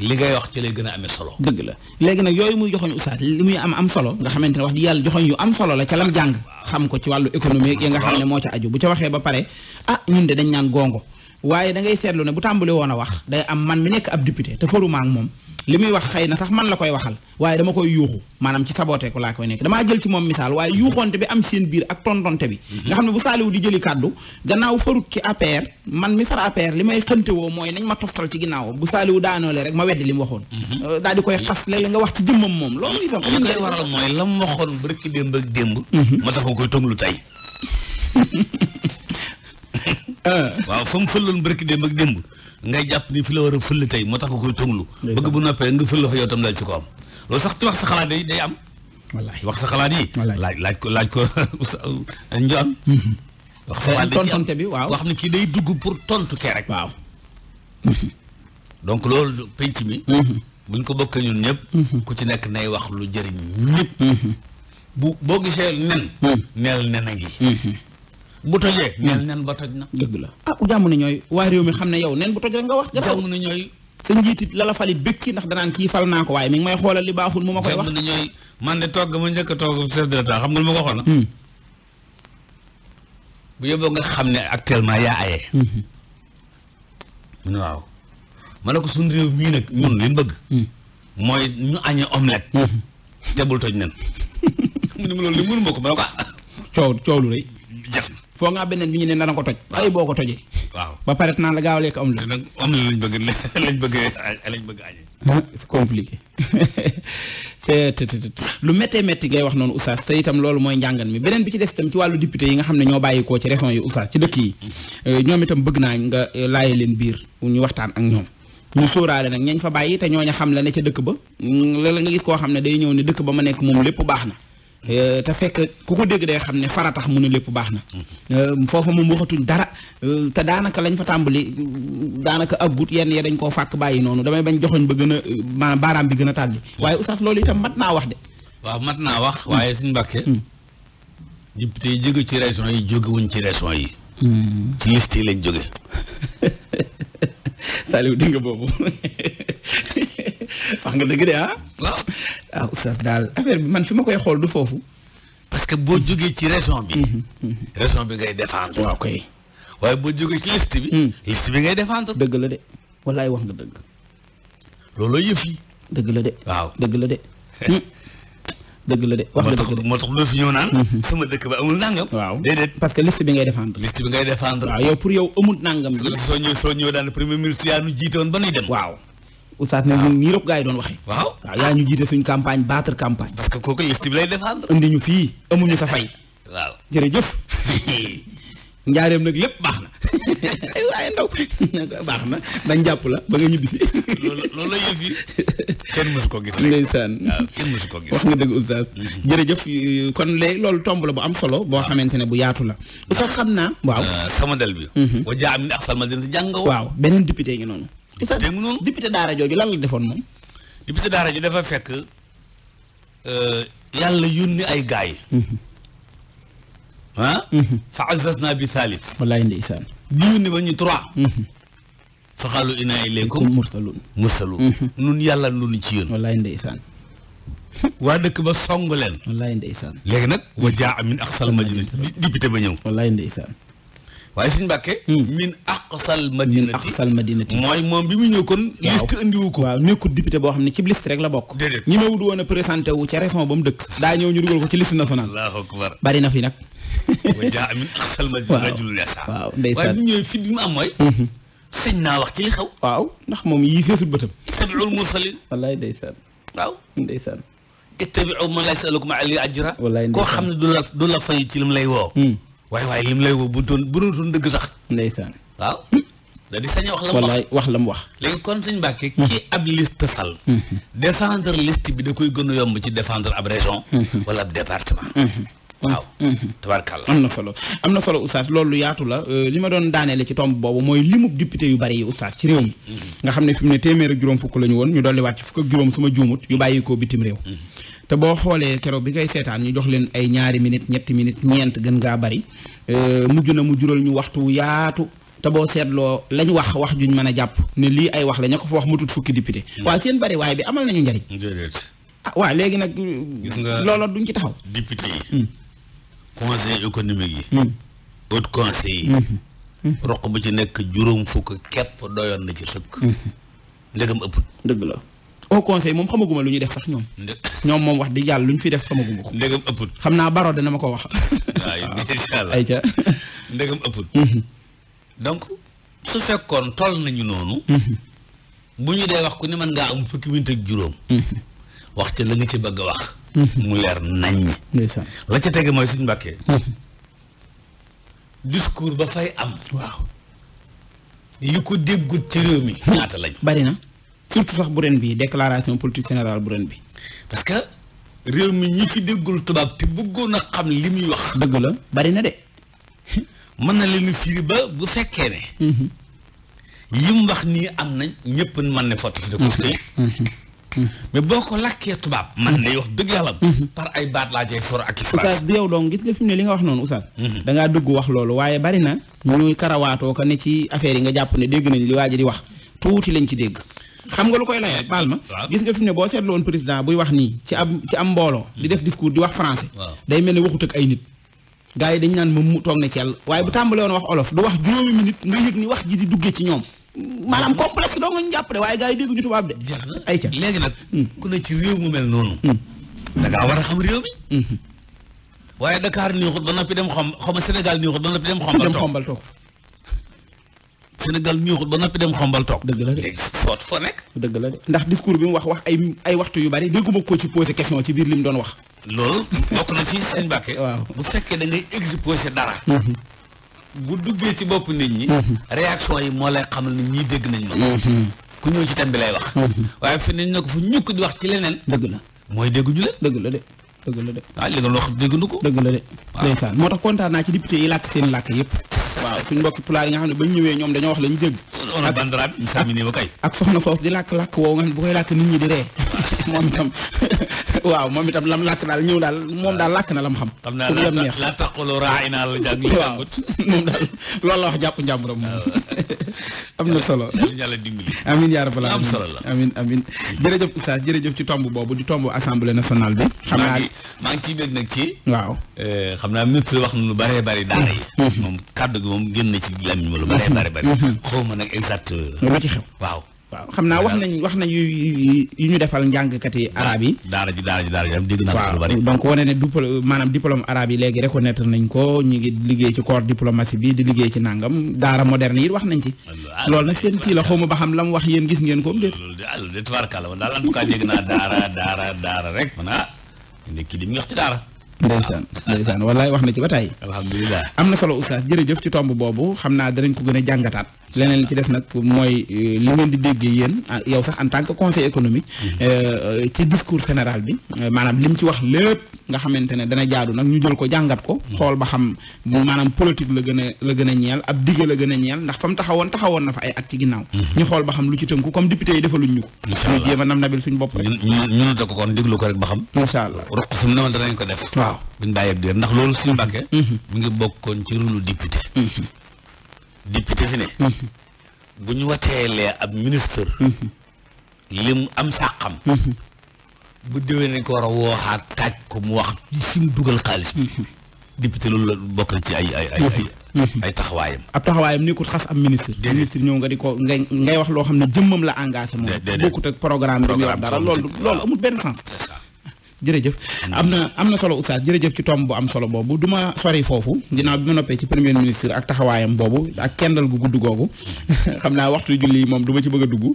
li ngay wax ci lay gën a amee solo. dëgg la léegi nag yooyu muy joxoñ oustaz li muy am am solo nga xamante ne wax di yàlla joxoñ yu am solo la ca lam jàng xam ko ci wàllu économie ya nga xam ne moo ca aju bu ca waxee ba pare ah ñun de dañ naan gongo waaye dangay seetlu ne bu tàmbali woon a wax day am man mi nekk ab député te faruma moom li muy wax xëy na sax man la koy waxal waaye dama koy yuuxu maanaam ci saboté ko laa koy nekk damaa jël ci moom misaal waaye yuuxonte bi am seen biir ak tontonte bi nga xam ne bu saaliwu di jëli kàddu gannaaw farut ci APR man mi far APR li may xënte woo mooy nañ ma toftal ci ginnaaw bu saaliwu daanoole rek ma weddi li mu waxoon mhm. daal koy xas léeg-léeg nga wax ci jëmmam moom loolu itam li koy waral mooy lam waxoon barki démb ak démb mhm. ma tax koy tonglu tey [LAUGHS] [LAUGHS] waaw fa mu fëlloon barki démb ak démb ngay jàpp ni fi la war a fëll tey moo tax nga koy tonglu bëgg bu noppee nga la fa yow tam laaj ci ko am loolu sax ci wax sa xalaat day wax sa xalaat yi laaj laaj ko laaj ko [LAUGHS] njoon mhm. wax sa xalaat tontonte bi waaw wax ne kii day dugg pour tontu kee rek waaw [LAUGHS] donc loolu penc mi mhm. buñ ko bokkee ñun ñëpp mhm. ku ci nekk nay wax lu jëriñ ñëpp bu boo gisee nen neel nen a ngi bu tojee hmm. neel nen ba toj na dëgg la ah jàmm na ñooy waa réew mi xam ne yow nen bu toj rek nga wax jàmm na ñooy sa njiitit la la falit bëkki ndax danaan kii fal naa ko waaye mi may xoolal li baaxul mu ma koy wax jàmm na ñooy man ma njëkk a togg chef de l'état nga lu ma ko hmm. bu xam ne actuellement yaa ayee hmm. mu waaw ma ne ko suñ réew mii nag ñun li bëgg mooy ñu añee omelette te bul toj nen [LAUGHS] mu ne mu loolu li mënu ko ma ne ko ah coow coow lu rëy foo ngaa beneen bi ñu ne nana ko toj. waaw ay boo ko tojee. waaw ba pare naan la gaaw a lekk am la. am na lañ bëgg lañ [LAUGHS] bëgg lañ bëgg añee. Ah, c'est compliqué [LAUGHS] lu méttee métti ngay wax noonu oustaz te itam loolu mooy njàngan mi beneen bi ci des itam ci wàllu député yi nga xam ne ñoo bàyyikoo ci régions yi oustaz ci dëkk yi euh, itam bëgg naa nga euh, laaye leen biir ñu waxtaan ak ñoom. ñu sóoraale nag ñañ fa bàyyi te ñooña xam la ne ca dëkk ba mm, léeg-léeg nga gis koo xam ne day ñëw ne dëkk ba ma nekk moom lépp baax na Euh, te fekk ku ko dégg day xam ne fara tax mu ne lépp baax na euh, foofa moom waxatuñ dara euh, te daanaka lañ fa tàmbali daanaka aggut yenn ya dañ koo fàkk bàyyi noonu damay bañ joxoñ ba gën a maanaam baaraam bi gën a tàlli hmm. waaye oustaz loolu itam mat naa wax de waaw mat naa wax hmm. waaye suñ mbàkke hmm. député yi jóge ci région yi jógewuñ ci région yi ci yi lañ jóge [LAUGHS] Saliou dinga boobu [LAUGHS] wax nga dëgg de ah. waaw ah daal affaire bi man fi ma koy xool du foofu. parce que boo jógee ci raison bi. Mm-hmm, mm-hmm. raison bi ngay défendre. waaw koy waaye boo jógee ci liste bi. Mm. liste bi ngay défendre. dëgg la de wallaay wax nga dëgg. looloo yëf yi. dëgg la de. waaw dëgg la de. [LAUGHS] Mm. dëgg la de wax nga dëgg de moo tax moo tax fi ñëw naan. Mm-hmm. sama dëkk ba amul nangam. waaw déedéet parce que liste bi ngay défendre. liste bi ngay défendre. yow pour yow amul nangam. soo ñëw soo ñëw daal premier ministre yaa nu jiite woon ba nuy dem. waaw. oustaz ne ah. ñun nii la ko gars yi doon waxee waaw waaw yaa ñu jiite suñ campagne battre campagne parce que kooku liste bi lay défendre indi ñu fii amuñu sa fay [LAUGHS] waaw jërëjëf [LAUGHS] njaareem nag lépp baax na [LAUGHS] ay waaye ndaw baax na dañ jàpp la ba nga ñibbisi loolu loolu la yëf yi kenn mësu ko gis ndeysaan kenn mësu wax nga dëgg oustaz mm-hmm. jërëjëf kon léegi loolu tomb la bu am solo boo xamante ne bu yaatu la oustaz xam naa waaw ah, sama del bi mm-hmm. wa jaa am ni waaw beneen député ngi noonu député mu noonu député daara jooju lan la defoon moom. député daara ji dafa fekk euh, yàlla yónni ay gaay mm-hmm. ah. Mm-hmm. fa azzazna bi thalith. wallaay ndeysaan. di yónni ba ñu trois. Mm-hmm. fa xaalu inaa ilaykum mursaluun mursaluun nun yàlla lu ñu ci yónni. wallaay ndeysaan. waa dëkk ba song leen. wallaay ndeysaan. léegi nag. wa jaa min aqsal madina député ba ñëw. wallaay ndeysaan. waaye suñu mbàkke hmm. min aqsal madinati min aqsal madinati mooy moom bi mu ñëw kon liste indiwu ko waaw nekkul député boo xam ne ci liste rek la bokk déedéet ñi ma wut woon wu ca région ba mu dëkk daa ñëw ñu dugal ko ci liste nationale bari na fi nag [LAUGHS] wa jaa min aqsal madinati rajulun yasa waaw ndeysaan waaye bi ñëwee fi bi mu am mooy hmm, hmm. sëñ naa wax ci li xew waaw ndax moom yii feesul bëtam tabiul mursalin wallaay ndeysaan waaw ndeysaan ittabiu man laa yasalukum alayhi ajra koo xam ne du la du la fay ci lim lay woo waaye waaye lim lay woo bu doon bu doon dëgg sax. ndeysaan waaw. da di sañ wax la mu wax wallaay wax la mu wax. léegi kon sëñ Mbàkke. Hmm. kii ab liste fal. Hmm. défendre liste bi da koy gën a yomb ci défendre ab région. Hmm. wala ab département. waaw. tabarkàlla am na solo am na solo oustaz loolu yaatu la euh, li ma doon daaneele ci tomb boobu mooy limub député yu bari yi oustaz ci réew mi. nga xam ne fi ne téeméer ak juróom fukk la ñu woon ñu dolliwaat ci fukk ak juróom suma juumut yu bàyyi ko bitim réew. te boo xoolee keroog bi ngay seetaan ñu jox leen ay ñaari minutes ñetti minutes ñeent gën ngaa bari euh, mujj na mu jural ñu waxtu yaatu te boo seetloo lañ wax wax juñ mën a jàpp ne lii ay wax la ko fa wax mu tut fukki député mm. waaw seen bari waaye bi amal nañu njariñ ah waaw léegi nag looloo duñ ci taxaw député yi mm. conseil économique yi mm. haut conseil yi mm-hmm. roq bu ci nekk juróom fukk képp doyoon na ci sëkk mm-hmm. ndegam ëpp dëgg la au conseil moom xamaguma lu ñuy def sax ñoom. ñoom moom wax di jàll lu ñu fi def xamaguma ko. ndegam ëpput xam naa baro dana ma ko wax. waaw ayca ndegam ëpput. Mhm. donc su fekkoon toll nañu noonu. Mhm. bu ñu dee wax ku ne man ngaa am fukki minute ak juróom. Mhm. wax ca la nga ci bëgg a wax. mu leer naññ. ndeysaan la ca tege mooy suñu mbàkkee. discours ba fay am. waaw. yu ko déggut ci réew mi. ñaata lañ bari na. surtout sax bu ren bi déclaration politique générale bu ren bi. parce que réew mi ñu fi déggul tubaab te bëggoon a xam li muy wax. dëgg la bari na de. mën na leen firi ba bu fekkee ne. Mhm. li mu wax nii am na ñëpp man na fotti si parce que mhm. Mhm. mais boo ko lakkee tubaab. man day wax dëgg yàlla. par ay baat laa cay for ak i phrase. oustaz du yow donc gis nga fi mu ne li nga wax noonu oustaz. da ngaa dugg wax loolu waaye bari na. ñuy karawaatoo ko ne ci affaire yi nga jàpp ne dégg nañ li waa ji di wax tuuti lañ ci dégg. xam nga lu koy layee baal ma gis nga fi ne boo seetlu woon président buy wax nii ci am ci am mbooloo di def discours di wax français day mel ne waxut ak ay nit gaa yi dañ naan moom mu toog na ci yàlla waaye bu tàmbale wax olof du wax juróomi minute nga yëg ni wax ji di duggee ci ñoom maanaam complexe doo nga ñu jàpp de waaye gars yi dégg ñu tubaab de ay ca léegi nag hmm. ku ne ci réew mu mel noonu hmm. da ngaa war a xam réew mi hmm. waaye Dakar nii xut ba noppi dem xom xom Sénégal nii xut ba noppi dem xombal toog Sénégal ñuuxut ba noppi dem xombal toog. dëgg la de léegi foo nekk. dëgg la de ndax discours bi mu wax wax ay ay waxtu yu bari dégguma ko ci posé question ci biir li mu doon wax. loolu bokk na ci sëñ Mbàkke. waaw bu mm-hmm. ci bopp nit ñi. Mm-hmm. réaction yi moo lay xamal ni ñii dégg nañ ma. Mm-hmm. ku ñëw ci thème bi lay wax. waaye fi nañ ne ko fu ñukk di wax ci leneen. dëgg na mooy dégguñu leen. dëgg la de. dëgg la de ah li nga wax dégg ko. dëgg la de. waaw ndeysaan moo tax kontaan naa ci député yi làkk seen làkk yëpp. waaw suñ mbokki pulaar yi nga xam ne bañ ñëwee ñoom dañoo wax lañu dégg ak soxna foofu di làkk làkk woow nga xam ne bu koy làkk nit ñi di ree [LAUGHS] moom itam [LAUGHS] waaw moom itam lam làkk daal ñëw daal moom daal làkk na lam xam. xam naa la taqulu raa'inaa la jàng waaw [LAUGHS] moom daal loolu la wax jàpp njàmburam moom. [LAUGHS] am na solo yàlla dimbali. amiin yaa rabbal aalamiin am solo la amiin amiin. jërëjëf Oustaz jërëjëf ci tomb boobu di tomb assemblée nationale bi. xam naa maa ngi ciy bëgg nag ci. waaw eh, xam naa ministre wax na lu bëree bëri daara yi. Mm-hmm. moom kàddu gi moom génn ci lamiñ ma lu bëree bëri. Mm-hmm. xaw ma nag exact euh, lu ci xew waaw. waaw xam naa wax nañ wax nañ yu ñu defal njàngkat yi arab yi daara ji daara ji daara ji am dégg naa lu bari donc wane ne diplôme maanaam diplôme arabe yi léegi reconnaître nañ ko ñu ngi liggéey ci corps diplomatie bi di liggéey ci nàngam daara moderne yi wax nañ ci loolu nag seen kii la xawma ba xam la mu wax yéen gis ngeen ko déet loolu de tubaarkàlla man daal en tout cas dégg naa daara daara daara rek man ah ndekki li mu wax ci daara ndeysaan ndeysaan wallaay wax na ci ba tàyyi alhamdulilah am na solo oustaz jërëjëf ci tomb boobu xam naa danañ ko gën a jàngataat leneen li ci des nag mooy euh, li ngeen di déggee yéen ah, yow sax en tant que conseil économique mm-hmm. euh, ci discours général bi euh, maanaam lim ci wax lépp nga xamante ne dana jaadu nag ñu jël ko jàngat ko mm-hmm. xool ba xam maanaam politique la gën a la gën a ñeel ab dige la gën a ñeel ndax fa taxawoon taxawoon na fa ay at ci ginnaaw mm-hmm. ñu xool ba xam lu ci tënku comme député yi defaluñ ñu ko a nam nabil suñ bopp rek ñu nota ko kon déglu ko rek ba xam incha allah ruq fu mu danañ ko def député fi ne mm-hmm. bu ñu wateelee ab ministre mm-hmm. lim am sàqam mm-hmm. bu déwee nañ ko war a wooxaat taaj ko mu wax fi mu dugal xaalis bi député loolu la bokk ci ay ay ay ay ay taxawaayam ab taxawaayam nekkul xas am ministre ministre ñëw nga di ko ngay ngay wax loo xam ne jëmmam la engagé moom bokkut ak programme bi mu yor dara loolu loolu amul benn sens jërëjëf am na am na solo oustaz jërëjëf ci tomb bu am solo boobu du ma sori foofu dina bi ma noppee ci premier ministre ak taxawaayam boobu ak kendal gu gudd googu [LAUGHS] xam naa waxtu julli moom du ma ci bëgg a dugg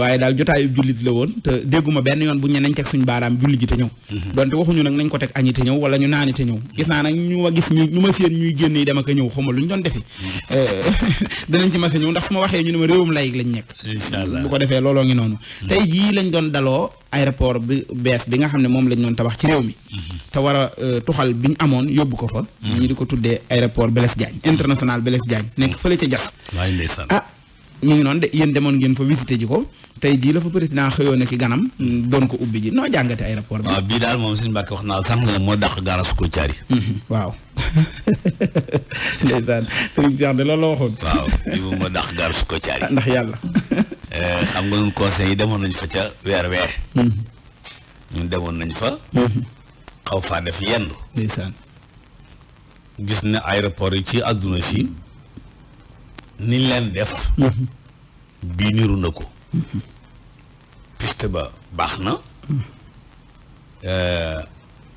waaye daal jotaayu jullit la woon te dégguma benn yoon bu ñu nañ teg suñu baaraam julli ji te ñëw donte waxuñu nag nañ ko teg añi te ñëw wala ñu naani te ñëw gis naa nag ñu ma gis ñu ma séen ñuy génn yi dem ak a ñëw xawma lu ñu doon defi [LAUGHS] danañ ci ñëw ndax su ma waxee ñu ne ma réewum layig lañ nekk ko defee looloo ngi noonu mm. tey lañ doon daloo aéroport bi bees bi nga xam ne moom lañ doon tabax ci réew mi te war a euh, tuxal bi amoon yóbbu ko fa ñu di ko tuddee aéroport Blaise Diagne international Blaise Diagne nekk fële ca jas ah mi ngi noonu de yéen demoon ngeen fa visité ji ko tey jii la fa président xëyoon na ki ganam doon ko ubbi ji noo jàngate aéroport bi waaw bii daal moom suñu mbàkk wax naa sax nga moo dàq gaara su ko caari mhm, waaw [LAUGHS] ndeysaan sëriñ Cheikh de loolu la waxoon waaw bii moom moo dàq gaara su ko caari [LAUGHS] ndax yàlla [LAUGHS] Eh, xam nga ñun conseil yi demoon nañ fa ca weer weer. Mm-hmm. ñun demoon nañ fa. Mm-hmm. xaw faa def yendu. gis ne aéroport yi ci àdduna si niñ leen def. Mm-hmm. bii niru na ko. piste ba baax na. Eh,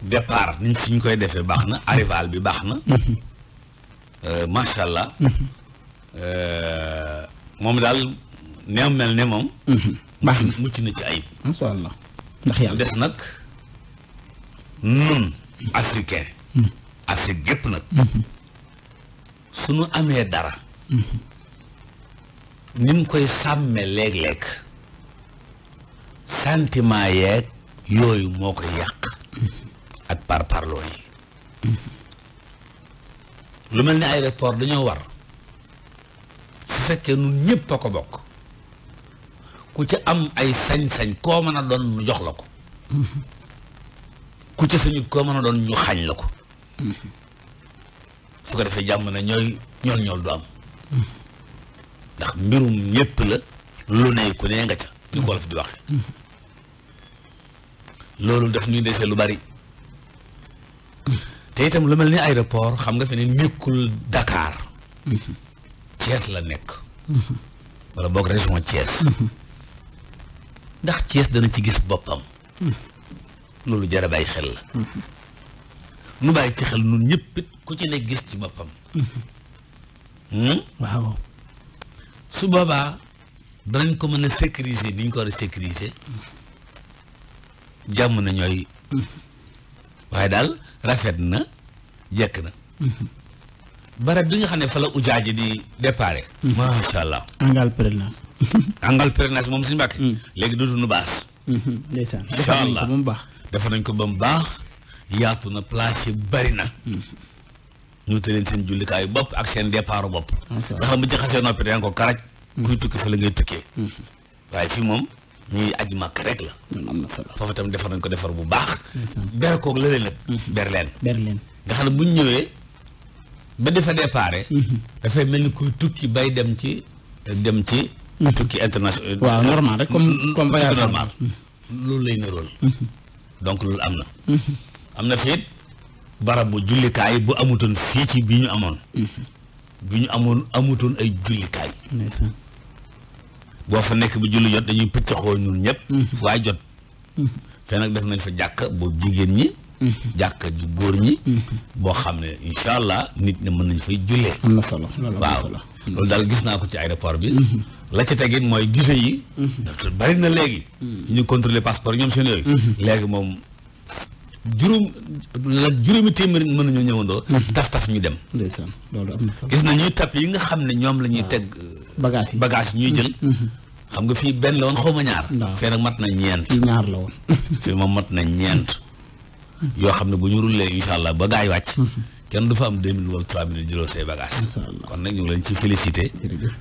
départ niñ fi ñu koy defee baax na arrival bi baax na. Eh, macha allah. moom daal. neew mel ni moom. Mhm. baax na mucc na ci ay macha allah ndax yàlla des nag nun africain. Mhm. Afrique gépp nag. Mhm. su nu amee dara. ni mu koy sàmmee léeg-léeg. santiment yeeg yooyu moo koy yàq. ak par parloo yi. lu mel ni aéroport dañoo war. fu fekkee nun ñëpp a ko bokk. ku ci am ay sañ-sañ koo mën a doon ñu jox la ko ku ca sañut koo mën a doon ñu xañ la ko su ko defee jàmm ne ñooy ñool ñool du am ndax mbirum ñépp la lu ne ku nee nga ca ñu ko la di waxe loolu daf ñuy dese lu bari te itam lu mel ni aéroport xam nga fi ne nekkul Dakar Thiès la nekk wala boog région Thiès ndax Thiès dana ci gis boppam. Hmm. loolu jar a bàyyi xel la. Hmm. nu bàyyi ci xel nun ñëpp ku ci nekk gis ci boppam. Hmm. su boobaa danañ ko mën a sécuriser ni ko war a sécuriser jàmm na ñooy. waaye daal rafet na jekk na. barab bi nga xam ne fa la ujaaji di déparé. Mm-hmm. macha allah. angal prénance. [LAUGHS] angal prénance moom suñu mbàkk. Mm. léegi du nu baas. Mm-hmm. ndeysaan defar nañ ko ba mu baax. defar nañ ko ba mu baax yaatu na place yi bari na. Mm-hmm. ñu tëleen seen jullikaayu bopp ak seen départ bopp. macha allah ndax bu ci xasee noppi dinañ ko karaj. kuy tukki fa la ngay tukkee. waaye fii moom. ñuy aj màkk rek la. am na foofu itam defar nañ ko defar bu baax. ber la leen nag. ber nga xam ne bu ñëwee. ba dafa déparé dafay mel ni kuy tukki bay dem ci dem ci tukki international euh, waaw normal rek comme euh, comme voyage loolu lay nërool mhm. donc loolu am na mhm. am na fiit barabu jullikaay bu amutoon fii ci bi ñu amoon mhm. bi ñu amoon amutoon ay jullikaay boo fa nekk bu julli jot dañuy pëccaxoo ñun ñëpp waaye jot fee nag def nañ fa jàkk bu jigéen ñi Mm-hmm. jàkka ju góor ñi mm-hmm. boo xam ne incha allah nit ñi mën nañu fay jullee am na solo waaw loolu daal gis naa ko ci aéroport bi mm-hmm. la ci tegit mooy gise yi bari na léegi ñu contrôler passeport ñoom seen yooyu léegi moom juróom la juróomi téeméer mën nañoo ñëwandoo taf taf ñu dem ndeysaan loolu am na solo gis na ñuy tap yi nga xam ne ñoom la ñuy teg euh, bagage bagage ñuy jël xam nga fii benn la woon xaw ma ñaar fee nag mat na ñeent ñaar la woon fii moom mat na ñeent yoo xam ne bu ñu rullee incha allah ba yi wàcc kenn du fa am deux minutes wala trois minutes jëloo say bagages kon nag ñu ngi leen ci félicité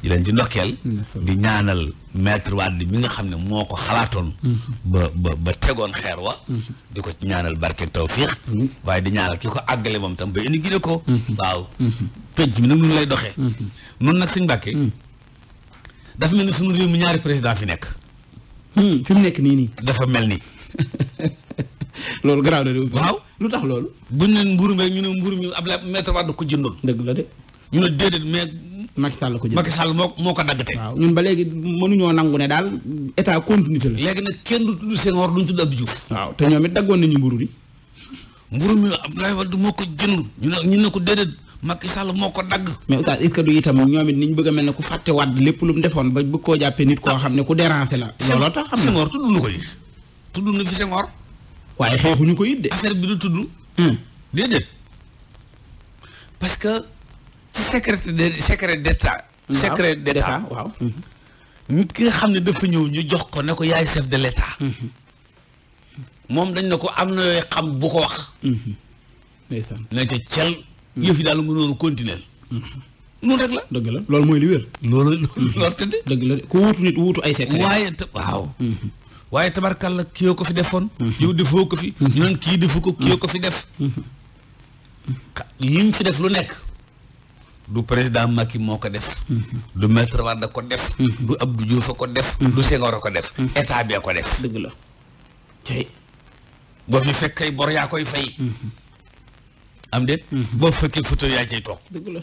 di leen ci ndokkeel di ñaanal maître Wade mi nga xam ne moo ko xalaatoon mm-hmm. ba ba tegoon xeer wa mm-hmm. di ko ñaanal barke tawfiq mm-hmm. waaye di ñaanal ki ko àggale moom tam ba indi gine ko waaw penc mi nag nun lay doxee noonu nag suñ bàkkee mm. dafa mel ni suñu réew mi ñaari président fi nekk mm. fi mu nekk nii nii dafa mel ni [LAUGHS] loolu garaaw na de Ousmane. waaw lu tax loolu. buñ ne mburu mi ñu ne mburu mi Abdoulaye Maître Wade ko jëndoon. dëgg la de. ñu ne déedéet mais. Macky Sall ko jël Macky Sall moo moo ko dagg tey. waaw ñun ba léegi mënuñoo nangu ne daal état continuité la. léegi nag kenn du tudd Senghor duñ tudd Abdou Diouf. waaw te ñoom it nañu mburu mburu mi Abdoulaye Wade moo ko jënd. ñu ne ñu ne ko déedéet Macky Sall ko dagg. mais oustaz est-ce que du itam ñoom it mel ne ku fàtte Wade lépp lu mu defoon ba bëgg jàppee nit koo xam ne ku déranger la. looloo tax xam nga Senghor tudd ko yi. tudd na fi Senghor. waaye xeexuñu ko it de. affaire bi du tudd. Hmm. déedéet parce que ci secret de secret d'état. secret d'état waaw. Hmm. nit ki nga xam ne dafa ñëw ñu jox ko ne ko yaay chef de l'état. Hmm. moom dañ ne ko am na yooyu xam bu ko wax. ndeysaan na cel. yëf yi daal mu noonu continuer noonu rek la. dëgg la loolu mooy li wér. loolu loolu. loolu tëdd. dëgg la ku wuutu nit wuutu ay secret. waaye waaw. waaye la kii ko fi defoon. yow defoo ko fi. ñu naan kii defu ko kii ko fi def. lim fi def lu nekk. du président Macky moo ko def. du maître Wade ko def. du Abdou Diouf ko def. du Senghor ko def. état bee ko def. dëgg la tey. boo fi fekkee bor yaa koy fay. am déet. Mm-hmm. boo fekkee photo yaa cay toog. dëgg la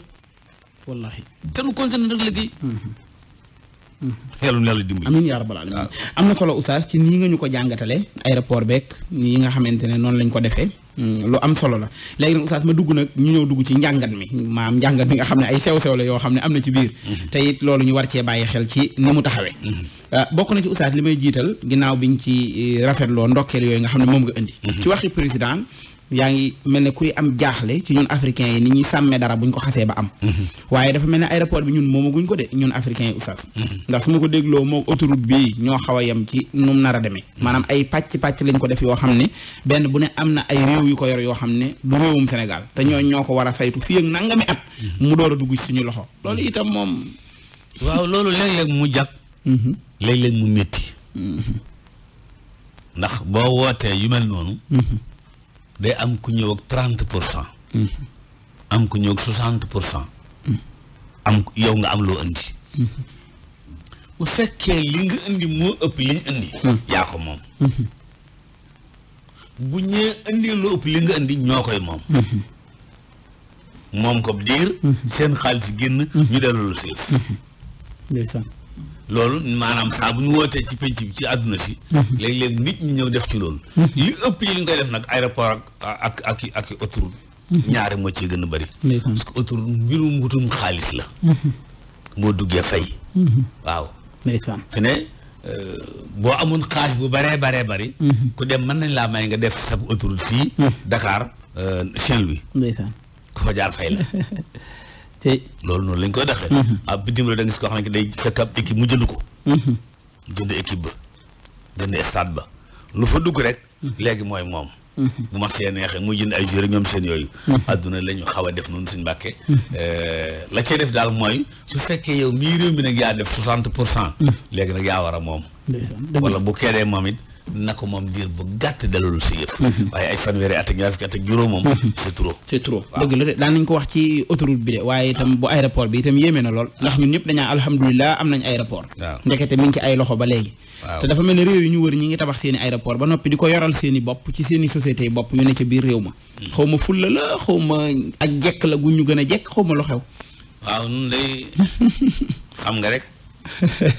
wallaahi. te nu continué nag liggéey. yàlla na yàlla dimbali amiin yaa rabbal alamin am na solo oustaz ci nii nga ñu ko jàngatale aéroport beeg nii nga xamante ne noonu lañ ko defee hmm, lu am solo la léegi nag oustaz ma dugg nag ñu ñëw dugg ci njàngat mi maam njàngat mi nga xam ne ay sew-sew la yoo xam ne am na ci biir hmm. te it loolu ñu war cee bàyyi xel ci ni mu taxawee hmm. ah, bokk na ci oustaz li may jiital ginnaaw ñu ci eh, rafetloo ndokkeel yooyu nga xam ne moom nga indi ci waxi président yaa ngi mel ne kuy am jaaxle ci ñun africains yi ni ñuy sàmmee dara buñ ko xasee ba am. Mhm. waaye dafa mel ne aéroport bi ñun moomaguñ ko de ñun africains mhm. ndax su ma ko dégloo moo autoroute ñoo xaw a yem ci nu mu a demee. Mhm. maanaam ay pàcc pàcc lañ ko def yoo xam ne benn bu ne am na ay réew yu ko yor yoo xam ne du réewum Sénégal te ñoo ñoo ko war a saytu fii ak nangami at. mu door a dugg ci suñu loxo. loolu itam moom. waaw loolu léeg-léeg mu jàpp. léeg-léeg mu métti. ndax boo wootee yu mel noonu. day am ku ñëw trent pour cent. Mm-hmm. am ku ñëw ak soixante pour cent. Mm-hmm. am yow nga am loo indi. Mm-hmm. bu fekkee li nga indi moo ëpp li ñu indi. yaa ko moom. bu ñëwee indi lu ëpp li nga indi ñoo koy moom. moom ko diir. seen xaalis génn. ñu delloo lu séef. loolu maanaam saa bu ñu wootee ci penc bi ci àdduna si léegi mhm. léeg nit ñi ñëw def ci loolu mhm. li ëpp yi li ngay def nag aéroport ak ak ak ak autoroute mhm. ñaari moo ci gën a bari parce que autoroute mbirum wutum xaalis la boo duggee fay waaw ndeysaan fi ne euh, boo amoon xaalis bu baree baree bari ku dem mën nañ laa may nga def sab autoroute fii Dakar euh, Saint-Louis ndeysaan jaar fay la [LAUGHS] te loolu noonu lañ koy doxee. Mhm. ab bitim réew da nga gis koo xam ne day fekk ab équipe mu jënd ko. Mhm. jënd équipe ba jënd stade ba lu fa dugg rek. Mhm. léegi mooy moom. bu ma see neexee muy jënd ay joueurs ñoom seen yooyu. àdduna la ñu xaw a def noonu suñu mbàkkee. Euh, la cay def daal mooy su fekkee yow mii réew mi nag yaa def 60 pour cent. léegi nag yaa war a moom. wala bu keedee moom it. na ko moom diir bu gàtt dalalu si yëf mhm. waaye ay fanweeri at ak ñaar fukki at ak juróom moom mhm. c'est trop c'est la de daan nañ ko wax ci autoroute bi de waaye itam bu aéroport bi itam yéeme na lool ndax ñun ñëpp dañaa alhamdulilah am nañ aéroport waaw ndekete mi ngi ay loxo ba léegi te dafa mel ne réew yu ñu wër ñi ngi tabax seen i aéroport ba noppi di ko yoral seeni bopp ci seeni i bopp ñu ne ca biir réew ma mhm. xaw ma fulla la xaw ma ak jekk la gu ñu gën a jekk xaw ma lu xew [LAUGHS] nga rek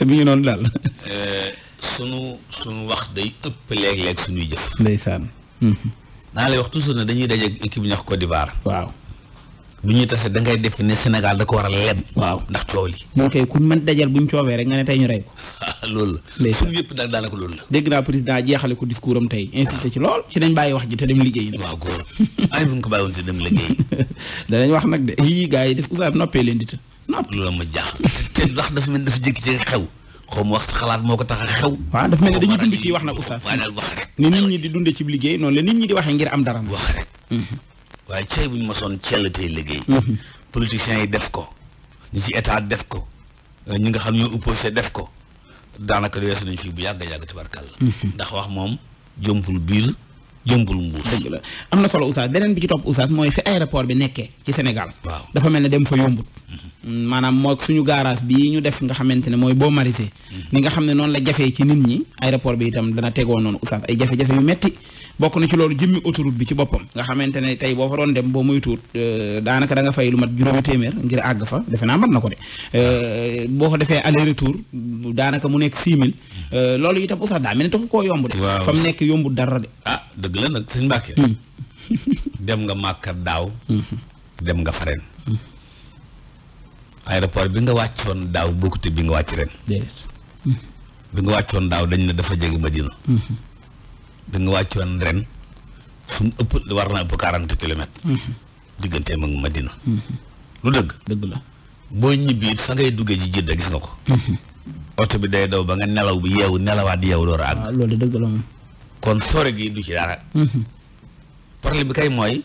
mi ngi noonu daal euh, sunu sunu wax day ëpp léeg-léeg suñuy jëf. saan mhm. naa lay wax toujours ne dañuy daje ak équipe ñax Côte d'Ivoire. waaw. bu ñuy tase da ngay def ne Sénégal da ko war a leb. waaw ndax coow li. moo koy ku mën dajal bu ñu coowee rek nga ne tey ñu rey ko. [LAUGHS] loolu la. suñu yëpp nag daanaka loolu la. dégg naa président jeexale ko discours am tey insisté ci lool. ci dañ wax ji te dem liggéeyi. waaw góor ay bu ñu ko bàyyiwoon te dem liggéeyi. [LAUGHS] danañ wax nag de yii gars yi noppee leen di të. nopp loolu ma jaax te ndax dafa mel dafa jékki-jékki xew. xaw ma wax xalaat moo ko tax a xew. waaw daf mel ne dañuy dund ci wax na oustaz. waaw wax rek ni nit ñi di dundee ci liggéey noonu la nit ñi di waxee ngir am dara. wax rek. Mhm. waaye cey bu ñu mosoon cell tey liggéey. Mhm. politiciens yi def ko. ñi ci état def ko. ñi nga xam ñoo opposé def ko. daanaka weesu nañ fii bu yàgg a yàgg tabarkàlla. Mhm. ndax wax moom jompul biir. jëmbul am na solo oustaz beneen bi ci topp oustaz mooy fi aéroport bi nekkee ci Sénégal waaw dafa mel ne dem fa yombut mhm. mm, maanaam mooy suñu garage bi ñu def nga xamante ne mooy boo marité mhm. ni nga xam ne noonu la jafee ci nit ñi aéroport bi itam dana tegoo noonu oustaz ay jafe-jafe yu metti bokk na ci loolu jëmmi autoroute bi ci boppam nga xamante ne tey boo fa doon dem boo muy tuut euh, daanaka danga fay lu mat juróomi téeméer ngir àgg fa defe naa mat na ko de euh, boo ko defee aller retour daanaka mu nekk 6000 euh, loolu itam oustaz daa mel ne taxu koo yomb de fa nekk yombul dara de ah dëgg la nag sëñ Mbàkke hmm. [LAUGHS] dem nga màkkat daaw hmm. dem nga faren hmm. aéroport bi nga wàccoon daaw bokkute bi nga wàcc ren bi nga wàccoon daaw dañ ne dafa jege Madina dañu wàccoon ren fu ëpp war na ëpp quarante kilomètres. Mhm. digganteem ak Madina. Mhm. lu dëgg. dëgg la boo ñibbi it fa ngay duggee ci Jidda gis nga ko. Mhm. oto bi day daw ba nga nelaw bi yeewu nelawaat yeewu door a àgg. Ah, loolu kon sore gi du ci dara. problème kay mooy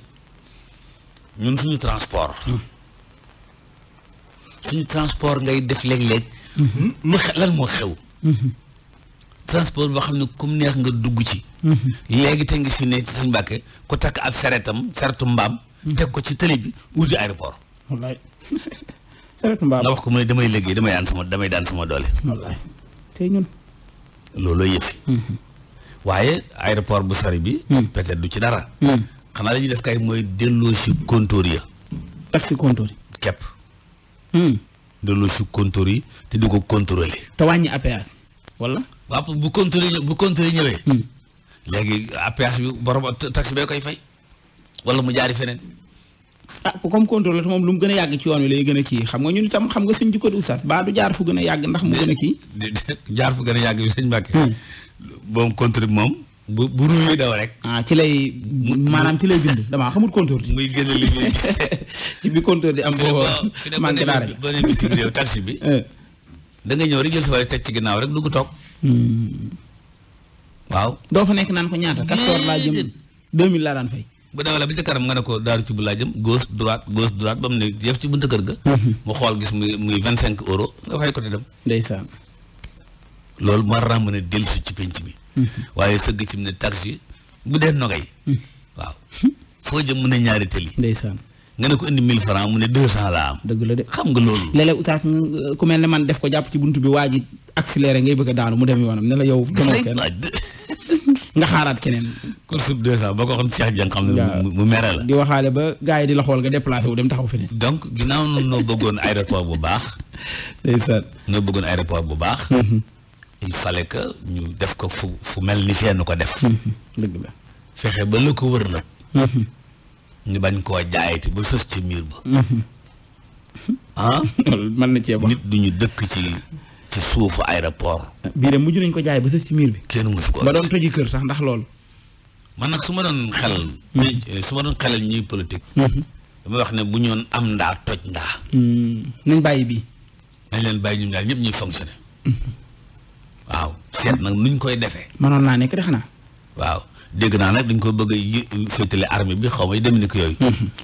ñun suñu transport. suñu transport ngay def léeg-léeg. lu lan moo xew. transport boo xam ne comme neex nga dugg ci. Mhm. léegi te ngi fi ne ci seen Mbàkke ku takk ab sareetam sareetu mbaam. Mhm. teg ko ci télé bi wuti aéroport. wallaay [LAUGHS] nga wax ko mu ne damay liggéey damay daan sama damay daan sama doole. wallaay tey ñun. yëpp. Mhm. waaye aéroport bu sori bi. peut-être du ci dara. xanaa la ñuy def kay mooy delloo si compteur ya. ak si compteur yi. képp. delloo si compteur yi te di ko contrôler. te wàññi APS wala. waa bu contrôle bu contrôle ñëwee. Hmm. léegi APS bi borom taxi bee koy fay wala mu jaari feneen. ah comme contrôle te moom lu mu gën a yàgg ci yoon wi lay gën a kii xam nga ñun itam xam nga suñ jikko di oustaz baa du jaar fu gën a yàgg ndax mu gën a jaar fu gën a yàgg bi sëñ Mbàkke. Hmm. moom contrôle bi moom. bu bu ruuy daw rek. ah ci lay. maanaam ci lay bind damaa xamul compteur bi. muy gën a liggéey. [LAUGHS] ci bi compteur di am. boo manqué daara ba ne bitim réew bi. Hmm. da ñëw rek jël sa wàllu teg ci ginnaaw rek dugg toog. Hmm. waaw doo fa nekk naan ko ñaata Castor laa jëm 2000 laa daan fay bu dawala bi ca kanam nga ne ko daaru ci bu laa jëm gauche droite gauche droite ba mu ne jëf ci buntu kër ga hmm. mu xool gis muy muy vingt ko di dem ndeysaan loolu mar naa mën a dellusi ci penc mi hmm. waaye sëgg ci mu ne taxi bu dee nogay waaw foo jëm mu ne ñaari tëli yi nga ne ko indi 1000 francs mu ne 200 laa am dëgg la de xam nga loolu léeg-léeg ku mel ne man def ko jàpp ci buntu bi waa accéléré ngay bëgg a mu dem yoonam ne la yow. demoo [LAUGHS] nga xaaraat keneen. kon sub 200 boo ko waxoon Cheikh Dieng xam ne mu mere la. di waxaale ba gars yi di la xool nga déplacé wu dem taxaw feneen. donc ginnaaw noo bëggoon aéroport bu baax. ndeysaan noo bëggoon aéroport bu baax. Mm-hmm. il fallait que ñu def ko fu fu mel ni fenn ko def. Mm-hmm. dëgg la fexe ba la ko wër la mm-hmm. ñu bañ koo jaayati ba sës ci miir ba. ah. [LAUGHS] na cee wax nit du ñu dëkk ci. ci suufu aéroport. bii de mujj nañ ko jaay ba sës ci miir bi. kenn mënu fi ko ba doon toji kër sax ndax loolu. man nag su ma doon xelal. Hmm. Eh, su ma doon xelal ñuy politique. Hmm. dama wax ne bu ñoon am ndaa toj ndaa. Hmm. nañ bàyyi bii. nañ leen bàyyi ñun daal ñëpp ñuy fonctionné. waaw seet nag nuñ koy defee. mënoon naa nekk de xanaa. waaw dégg naa nag dañ ko bëgg a féetale armée bi xaw ma dem ni ko yooyu.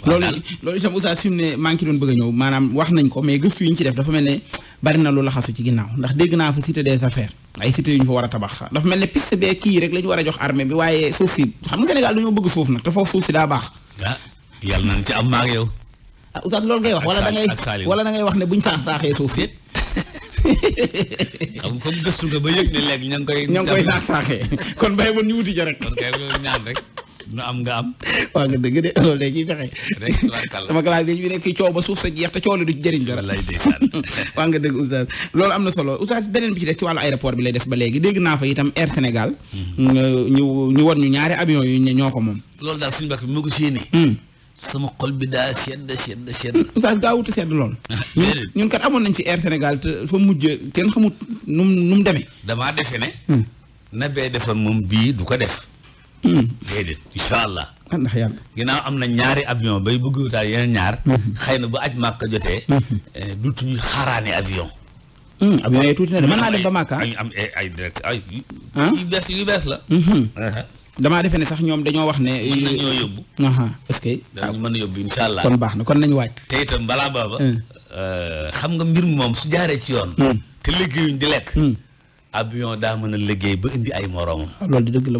loolu loolu itam Oustaz fi mu ne maa ngi doon bëgg ñëw maanaam wax nañ ko mais gëstu yi ñu ci def dafa mel ne. bari na lu laxasu ci ginnaaw ndax dégg naa fa cité des affaires ay cité yu ñu fa war a tabax dafa mel ne piste bee kii rek la war a jox armée bi waaye suuf si xam nga Sénégal dañoo bëgg suuf nag te foofu suuf si daa baax. ah yàlla nañ ci am maag yow. ah oustaz loolu ngay wax wala da ngay wala da ngay wax ne buñ saax saaxee suuf si. xam gëstu nga ba yëg léegi ña ngi koy. ña ngi koy saax saaxee kon bay ba ñu wuti ja rek. kon kay rek. nu am nga am. waa nga dëgg de loolu day ciy fexe. sama bi nekk ci coow ba suuf sa jeex te coow la du jëriñ dara. [LAUGHS] waa nga dëgg oustaz loolu am na solo oustaz beneen bi ci des ci wàllu aéroport bi lay def ba léegi dégg naa fa itam Air Sénégal. Hmm. ñu ñu war ñu ñaari abion yu ñu ñoo ko moom. loolu daal suñu mbokk bi moo ko séenee. Hmm. sama xol bi daa sedd sedd sedd. [LAUGHS] oustaz daa wut sedd lool. [LAUGHS] ñun kat amoon nañ fi Air Sénégal te fa mujj kenn xamut nu mu nu mu demee. damaa defe ne. Hmm. na bee defoon moom bii du ko def. déedéet incha allah. ndax yàlla ginnaaw am na ñaari avion bay bëgg wutaat yeneen ñaar. Mm-hmm. xëy na bu aj màkk jotee. Mm-hmm. Eh, dutuñu xaaraane avion. Mm, avion yi tuuti na de mën naa dem ba màkk ay am ay direct ay. Ah? yu bees yu bees la. Mm-hmm. Uh-huh. damaa defe ne sax ñoom dañoo wax ne. mën nañoo yóbbu. est-ce que dañu mën a yóbbu incha allah kon baax na kon nañu waaj. te itam balaa ba mm. eh, xam nga mbir moom su jaaree ci yoon. Mm. te liggéeyuñ di lekk. avion daa mën a liggéey ba indi ay moroomam. loolu di dëgg la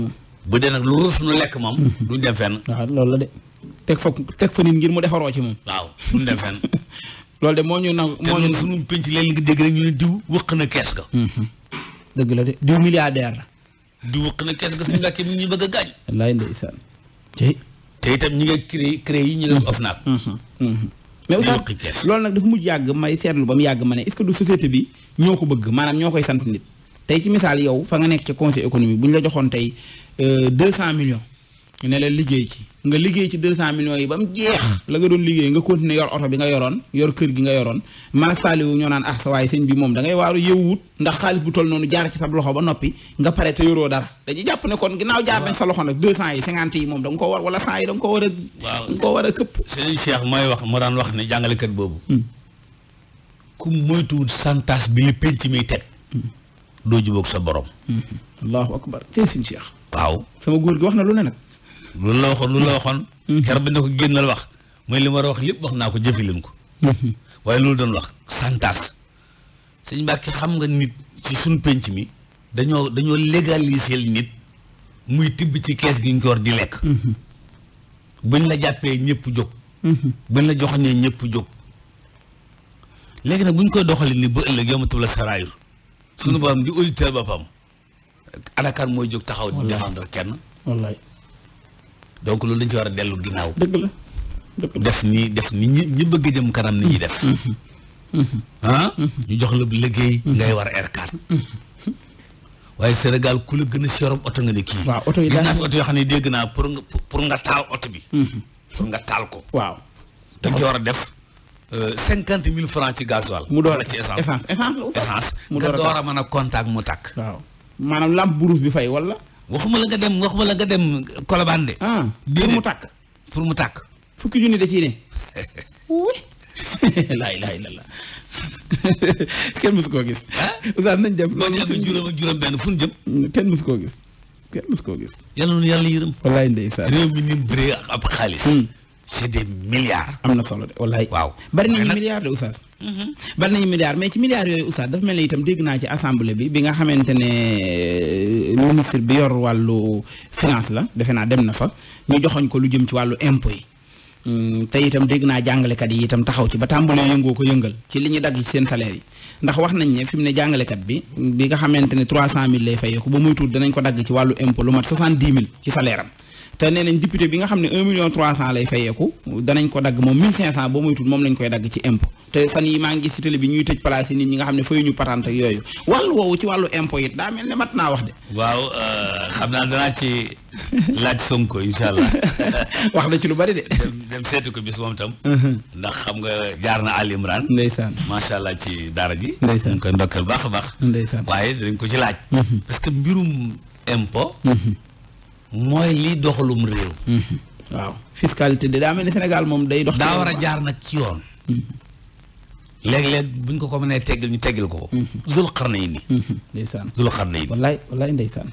bu dee nag lu ruus lu lekk moom. Mhm. duñ dem fenn. waaw ah, loolu la de teg fa teg fa nit ngir mu defaroo ci moom. waaw duñ dem fenn. [LAUGHS] loolu de moo ñu nag moo ñu suñu penc léegi nga dégg rek ñu ne diw wëq na kees ka mhm. dëgg la de diw milliardaire la. diw wëq na kees ga suñu mbàkk mi ñu bëgg a gaañ. wallaahi ndeysaan. te itam ñi ngay créé créé yi ñu ngi of naag. mais Oustaz loolu nag dafa mujj yàgg may seetlu ba mu yàgg ma ne est-ce que du société bi ñoo ko bëgg maanaam ñoo koy sant nit. tey ci misaal yow fa nga nekk ci conseil économique bu ñu la joxoon tey Euh, deux cent millions ne la liggéey ci nga liggéey ci deux cent millions yi ba mu jeex la nga doon liggéey nga continuer yor oto bi nga yoroon yor kër gi nga yoroon maag saaliwu ñoo naan ah sa waaye sëñ bi moom da ngay waaru yewwut ndax xaalis bu toll noonu jaar ci sa loxo ba noppi nga pare te yoroo dara dañuy jàpp ne kon ginnaaw jaar nañ sa loxo nag deux cent yi cinquante yi moom da nga war wala cent yi da nga war a këpp sëñ Cheikh mooy wax moo daan wax ne hmm. bi li penc mi teg hmm. doo jubóog sa borom hmm. waaw sama góor gi wax na lu ne nag. lu la waxoon lu la waxoon. Mm-hmm. keroog bi ne ko génnal wax mooy li ma war a wax yëpp wax naa ko jëfi leen ko. Mm-hmm. waaye loolu doon wax santaas. sëñ Mbàkke xam nga nit ci suñ penc mi dañoo dañoo légaliser nit muy tibb ci kees gi ñu ko war di lekk. Mm-hmm. buñ la jàppee ñëpp jóg. buñ la joxoñee ñëpp jóg. léegi nag buñ koy doxalee ni ba ëllëg yow ma tëb la saraayur. sunu borom di auditeur boppam. anakaan mooy jóg taxaw di défendre kenn wallaay donc loolu dañ ci war a dellu ginnaaw dëgg la def nii def ni ñu ñi bëgg jëm kanam ni ñuy def mm-hmm. Mm-hmm. Mm-hmm. Ah? ñu jox la liggéey ngay war R4 waaye Sénégal ku la gën a sorob oto waaw oto yi gis naa xam ne dégg naa pour nga nga taal oto bi pour nga taal ko waaw dañ ci war a def euh, cinquante mille francs ci gasoil mu door la ci essence essence essence nga door a mën a contact mu takk waaw maanaam lampe brousse bi fay wala. waxuma la nga dem waxuma la nga dem kolobaan de. ah pour mu tàkk pour mu tàkk. fukki junni da ciy ne. laa [LAUGHS] [LAUGHS] ilaaha illallaah [LAUGHS] kenn mësu koo gis. Ah? oustaz nañ dem. loolu ci am juróom ak juróom benn fu ñu jëm. kenn mësu koo gis yal mësu koo gis. yàlla na yàlla yërëm. wallaay ndeysaan réew mi ni mu bëree ab xaalis. Hmm. c'est des milliards. am na solo de wallaay. waaw bari nañu milliards de oustaz. bari nañu milliards mais ci milliards yooyu oustaz dafa mel ne itam dégg naa ci assemblée bi bi nga xamante ne euh, ministre bi yor wàllu finance la defe naa dem na fa ñu joxoñ ko lu jëm ci wàllu impôt yi hmm, te itam dégg naa jàngalekat yi itam taxaw ci ba tàmbalee yëngoo ko yëngal ci li ñu dagg ci seen salaire yi ndax wax nañ ne fi mu ne jàngalekat bi bi nga xamante ne trois cent mille lay fayee ko ba muy tuut danañ ko dagg ci wàllu impôt lu mat soixante mille ci salaire te nee nañ député bi nga xam ne 1 million 300 lay fayeeku danañ ko dagg moom 1500 boo moytul moom lañ koy dagg ci impôt te fan yi maa ngi gis ci télé bi ñuy tëj place yi nit ñi nga xam ne fayuñu patente ak yooyu wàllu woowu ci wàllu impôt it daa ne mat naa wax de. waaw euh, xam naa danaa ci laaj Sonko incha allah. [LAUGHS] wax na ci lu bari de. dem seetu ko bis moom tam. Uh-huh. ndax xam nga jaar na Al Imran. ndeysaan macha allah ci daara ji. ndeysaan ñu koy ndokkal baax a baax. ndeysaan waaye ko ci laaj. parce uh-huh. que mbirum impôt. Uh-huh. mooy lii doxalum réew. Mm-hmm. waaw fiscalité de daa mel ni Sénégal moom day dox. daa war a jaar nag ci yoon. Mm-hmm. léeg-léeg buñ ko ko mënee teggil ñu teggil ko ko. Mm-hmm. zul xarnayni. ndeysaan zul xarnayni. wallaay wallaay ndeysaan.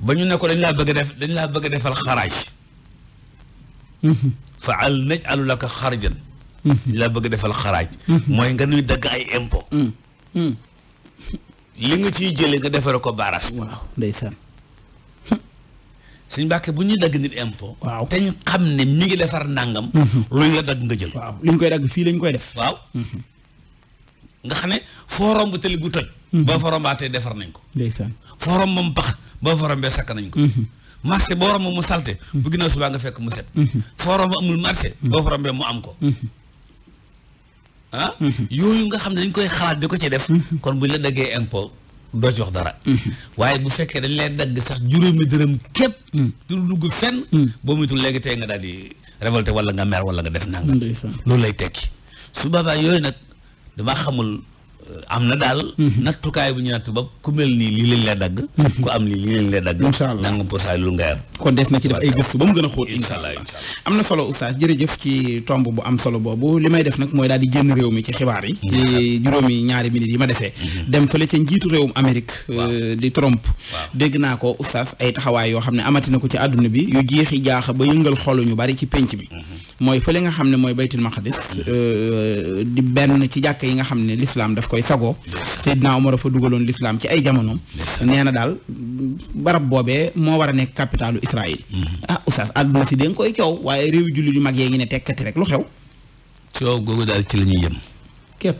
ba ñu ne ko dañ laa bëgg a def dañ laa bëgg a defal xaraaj. fa al naj alu laka xarajan. dañ laa bëgg defal xaraaj. mooy nga nuy dagg ay impôt. li nga ciy jëlee nga defal ko baaraas. waaw ndeysaan. suñ mbàkke bu ñuy dagg nit impo waaw te ñu xam ne mi ngi defar nàngam mhm. luñ la dagg nga jël waaw liñ koy dagg fii lañ koy def waaw mhm. nga xam ne foo romb tëli bu toj mhm. boo fa rombaatee defar nañ ko ndeysaan foo romb moom pax boo fa sakk nañ ko marché boo romb mu salte bu ginnaaw subaa nga fekk mu set foo romb amul marché boo fa rombee mu am ko ah yooyu nga xam ne dañ koy xalaat di ko ci def kon buñ la daggee impo doo ci wax dara waaye bu fekkee dañ lay dagg sax juróomi dërëm képp mm. du dugg fenn mm. boo muytul léegi tey nga daal di révolté wala nga mer wala nga def nangam loolu lay tekki su boobaa yooyu nag damaa xamul euh, am na daal mm-hmm. nattukaay bu ñu natt ba ku mel nii lii lañ lay dagg mm-hmm. ku am lii lii lañ lay dagg nangam pour saa loolu ngay am kon def na ci def ay gëstu ba mu gën a xóot incha allah am na solo oustaz jërëjëf ci tomb bu am solo boobu li may def nag mooy daal di génn réew mi ci xibaar yi ci juróomi ñaari minutes yi ma defee mhm. dem fële ca njiitu réewum Amérique euh, di Trump dégg naa ko oustaz ay taxawaay yoo xam ne amati na ko ci àdduna bi yu jeexi jaaxa ba yëngal xolu ñu bari ci penc bi mhm. mooy fële nga xam ne mooy baytul maqdis mhm. euh, di benn ci jàkk yi nga xam ne lislaam daf koy sago se Omar fa dugaloon l'islam ci ay jamonoom Israël. ah oustaz àdduna si danga koy coow waaye réew jullit yu mag yee ngi ne tekkati rek lu xew. coow googu daal ci la ñuy jëm. képp.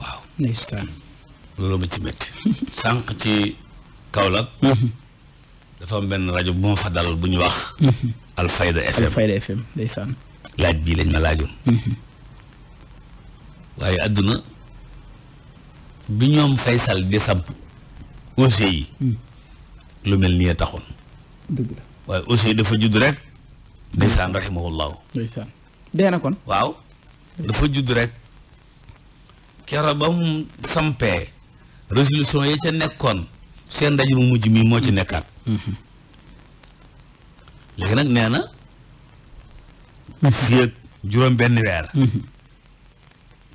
waaw ndeysaan. loolu ma ci métti. [LAUGHS] sànq ci Kaolack. Mhm. dafa benn rajo bu ma fa dal bu ñu wax. Mhm. Alfayda FM FM laaj bii lañ ma laajoon. Mhm. waaye àdduna bi ñoom Faysal di samp OCI yi. lu mel nii a taxoon. waaye aussi dafa judd rek ndeysaan rahimahullahu ndeysaan dee na kon waaw dafa judd rek kero ba mu sampee résolution yi ca nekkoon seen ndaj mu mujj mii moo ci nekkaat mhm. léegi nag nee na fii ak juróom benn weer mhm.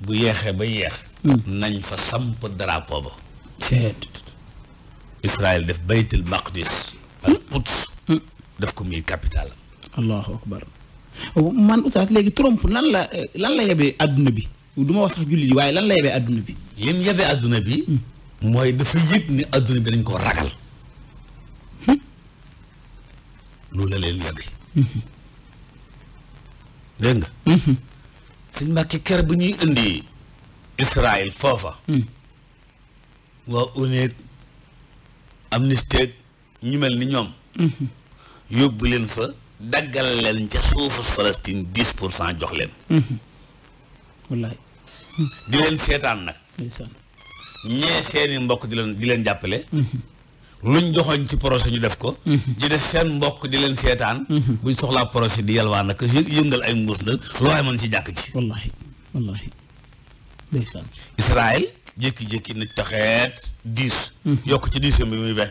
bu yeexee ba yeex mhm. nañ fa samp drapeau ba Israël def baytul maqdis hmm? al quds def ko muy capital. allahu akbar man oustaz léegi Trump lan la lan la yebee àdduna bi duma ma wax sax jullit yi waaye lan la yebee adduna bi. lim yebee adduna bi. Hmm. mooy dafa yëg ni adduna bi dañ ko ragal. Hmm. loolu la leen yebee. Hmm. dégg nga. sëñ Mbàkke bu ñuy indi Israël foofa. waa UNEC Amnesty ñu mel ni ñoom. yóbbu leen fa daggal leen ca suufu Palestine dix pour cent jox leen mhm. wallaay di leen seetaan nag ñee seeni mbokk di leen di leen jàppale mhm. luñ joxoñ ci projet ñu def ko mhm. di def seen mbokk di leen seetaan buñ soxlaa projet di yalwaan nag yëngal ay mbuus nag looy mën ci jàkk ci wallahi wallahi ndeysaan Israël jékki-jékki na taxeet dix yokk ci dixième bi muy be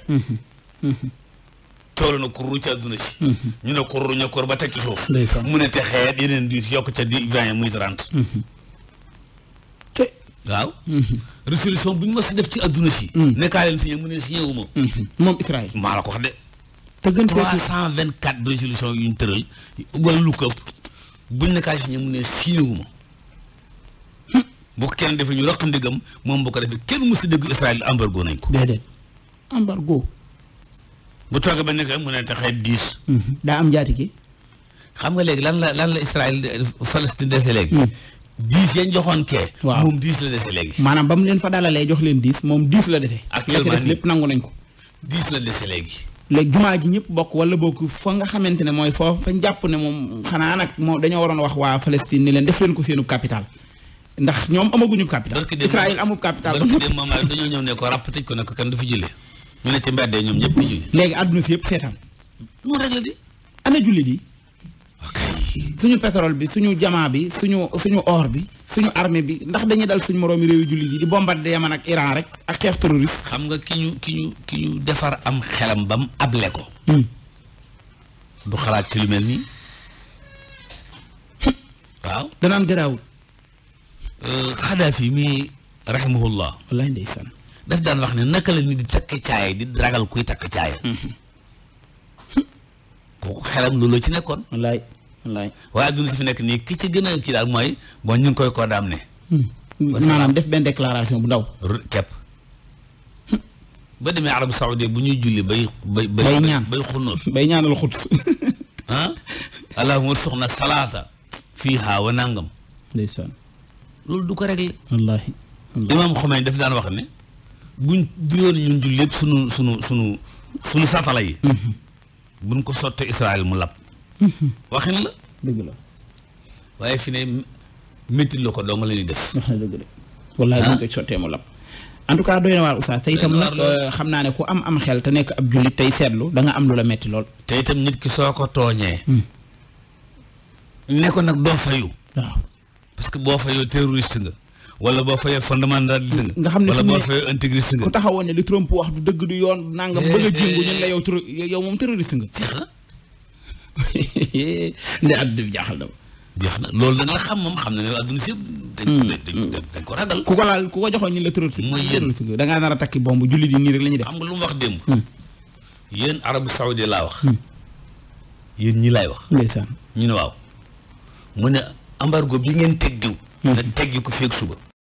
toolu na kurru ci àdduna si mhm. ñu ne kurru ñu kurru ba teg ci suuf mu ne te xeet yeneen di yokk ca di vingt muy trente mhm. te waaw mhm. résolution bu ñu ma a def ci àdduna si nekkaa si signé mu ne signé ma moom ko wax de te gën trois cent vingt ñu tëral wala lu bu ñu nekkaa signé mu ne signé wu ma hmm. bu kenn defee ñu raq ndigam moom bu ko defee kenn mu si dégg Israël embargo nañ ko déedéet embargo bu toogee ba nekk mu ne te xeet diis. Mhm. daa am njaatige. xam nga léegi lan la lan la Israël Palestine dese léegi. Mhm. diis yañ joxoon ke waaw moom diis la dese léegi. maanaam ba mu leen fa dalalee jox leen diis moom diis la dese. actuellement nii nañ ko. diis la dese léegi. léegi jumaa ji ñëpp bokk wala bokk fa nga xamante ne mooy foo fañ jàpp ne moom xanaa nag moom dañoo waroon wax waa Palestine ni leen def leen ko seenub capital ndax ñoom amaguñu capital. Israël amul capital. barke Demba Maye dañoo ñëw ne ko ràpp tëj ko ne ko kenn du fi jëlee. ñu ne ci mbedd ñoom ñëpp di julli. léegi àdduna si yëpp seetaan. mu rek la di. ana julli suñu pétrole bi suñu jamaa bi suñu suñu or bi suñu armée bi ndax dañuy dal suñu moroomi réewu julli yi di bombardé Yaman ak Iran rek ak xeex terroriste. xam nga ki ñu ki ñu ki ñu defar am xelam ba mu able ko. Hmm. du xalaat ci lu mel nii. waaw danaan garaawul. Euh, Xadaafi mi rahimahullah. wallaahi def daan wax ne naka la nit di takk caaya di ragal kuy takk caaya. kooku xelam loolu ci nekkoon. wallaay wallaay. waaye adduna si fi nekk nii ki ci gën a kii daal mooy bon ñu ngi koy koo daam ne. maanaam def benn déclaration bu ndaw. képp. ba demee arab saoudi bu ñuy julli bay. bay bay ñaan bay xunóot bay [LAUGHS] ah? salaata. fiihaa wa nangam. ndeysaan. loolu du ko réglé. wallaahi. imaam Khomeini daf daan wax ne. buñ juyoon ñun jul yëpp sunu sunu sunu sunu satala yi mhm. buñ ko sottee Israël mu lab mhm. waxin la dëgg la waaye fi ne métti la ko doonga la ñuy def [LAUGHS] dëgg la wallaay ah. buñ ko sottee mu lab en tout cas doy na waar oustaz te itam nag euh, xam naa ne ku am am xel te nekk ab jullit tey seetlu danga am lu la metti lool te itam nit ki soo ko tooñee hmm. ne nag doo fayu waaw parce que boo fayoo terroriste nga wala boo fayee fondamentaliste nga. nga xam ne wala boo fayee intégriste nga. ne li Trump wax dëgg du yoon nangam a eh, jéngu eh, ñun yow tur yow moom nga. jeex na [LAUGHS] ndey àdduna jaaxal na ma. na loolu nag la xam moom xam na ne àdduna si yëpp. dañ ko hmm. dañ ko ragal. ko joxoon ñu la mooy yéen nga da ngaa nar a takki bomb julli di nii rek la ñuy lu mu wax démb. Hmm. yéen arabu saoudi laa wax. Hmm. yéen ñi laay wax. ndeysaan ñu ne waaw mu ne embargo bi ngeen teg diw na teggi ko fii ak suba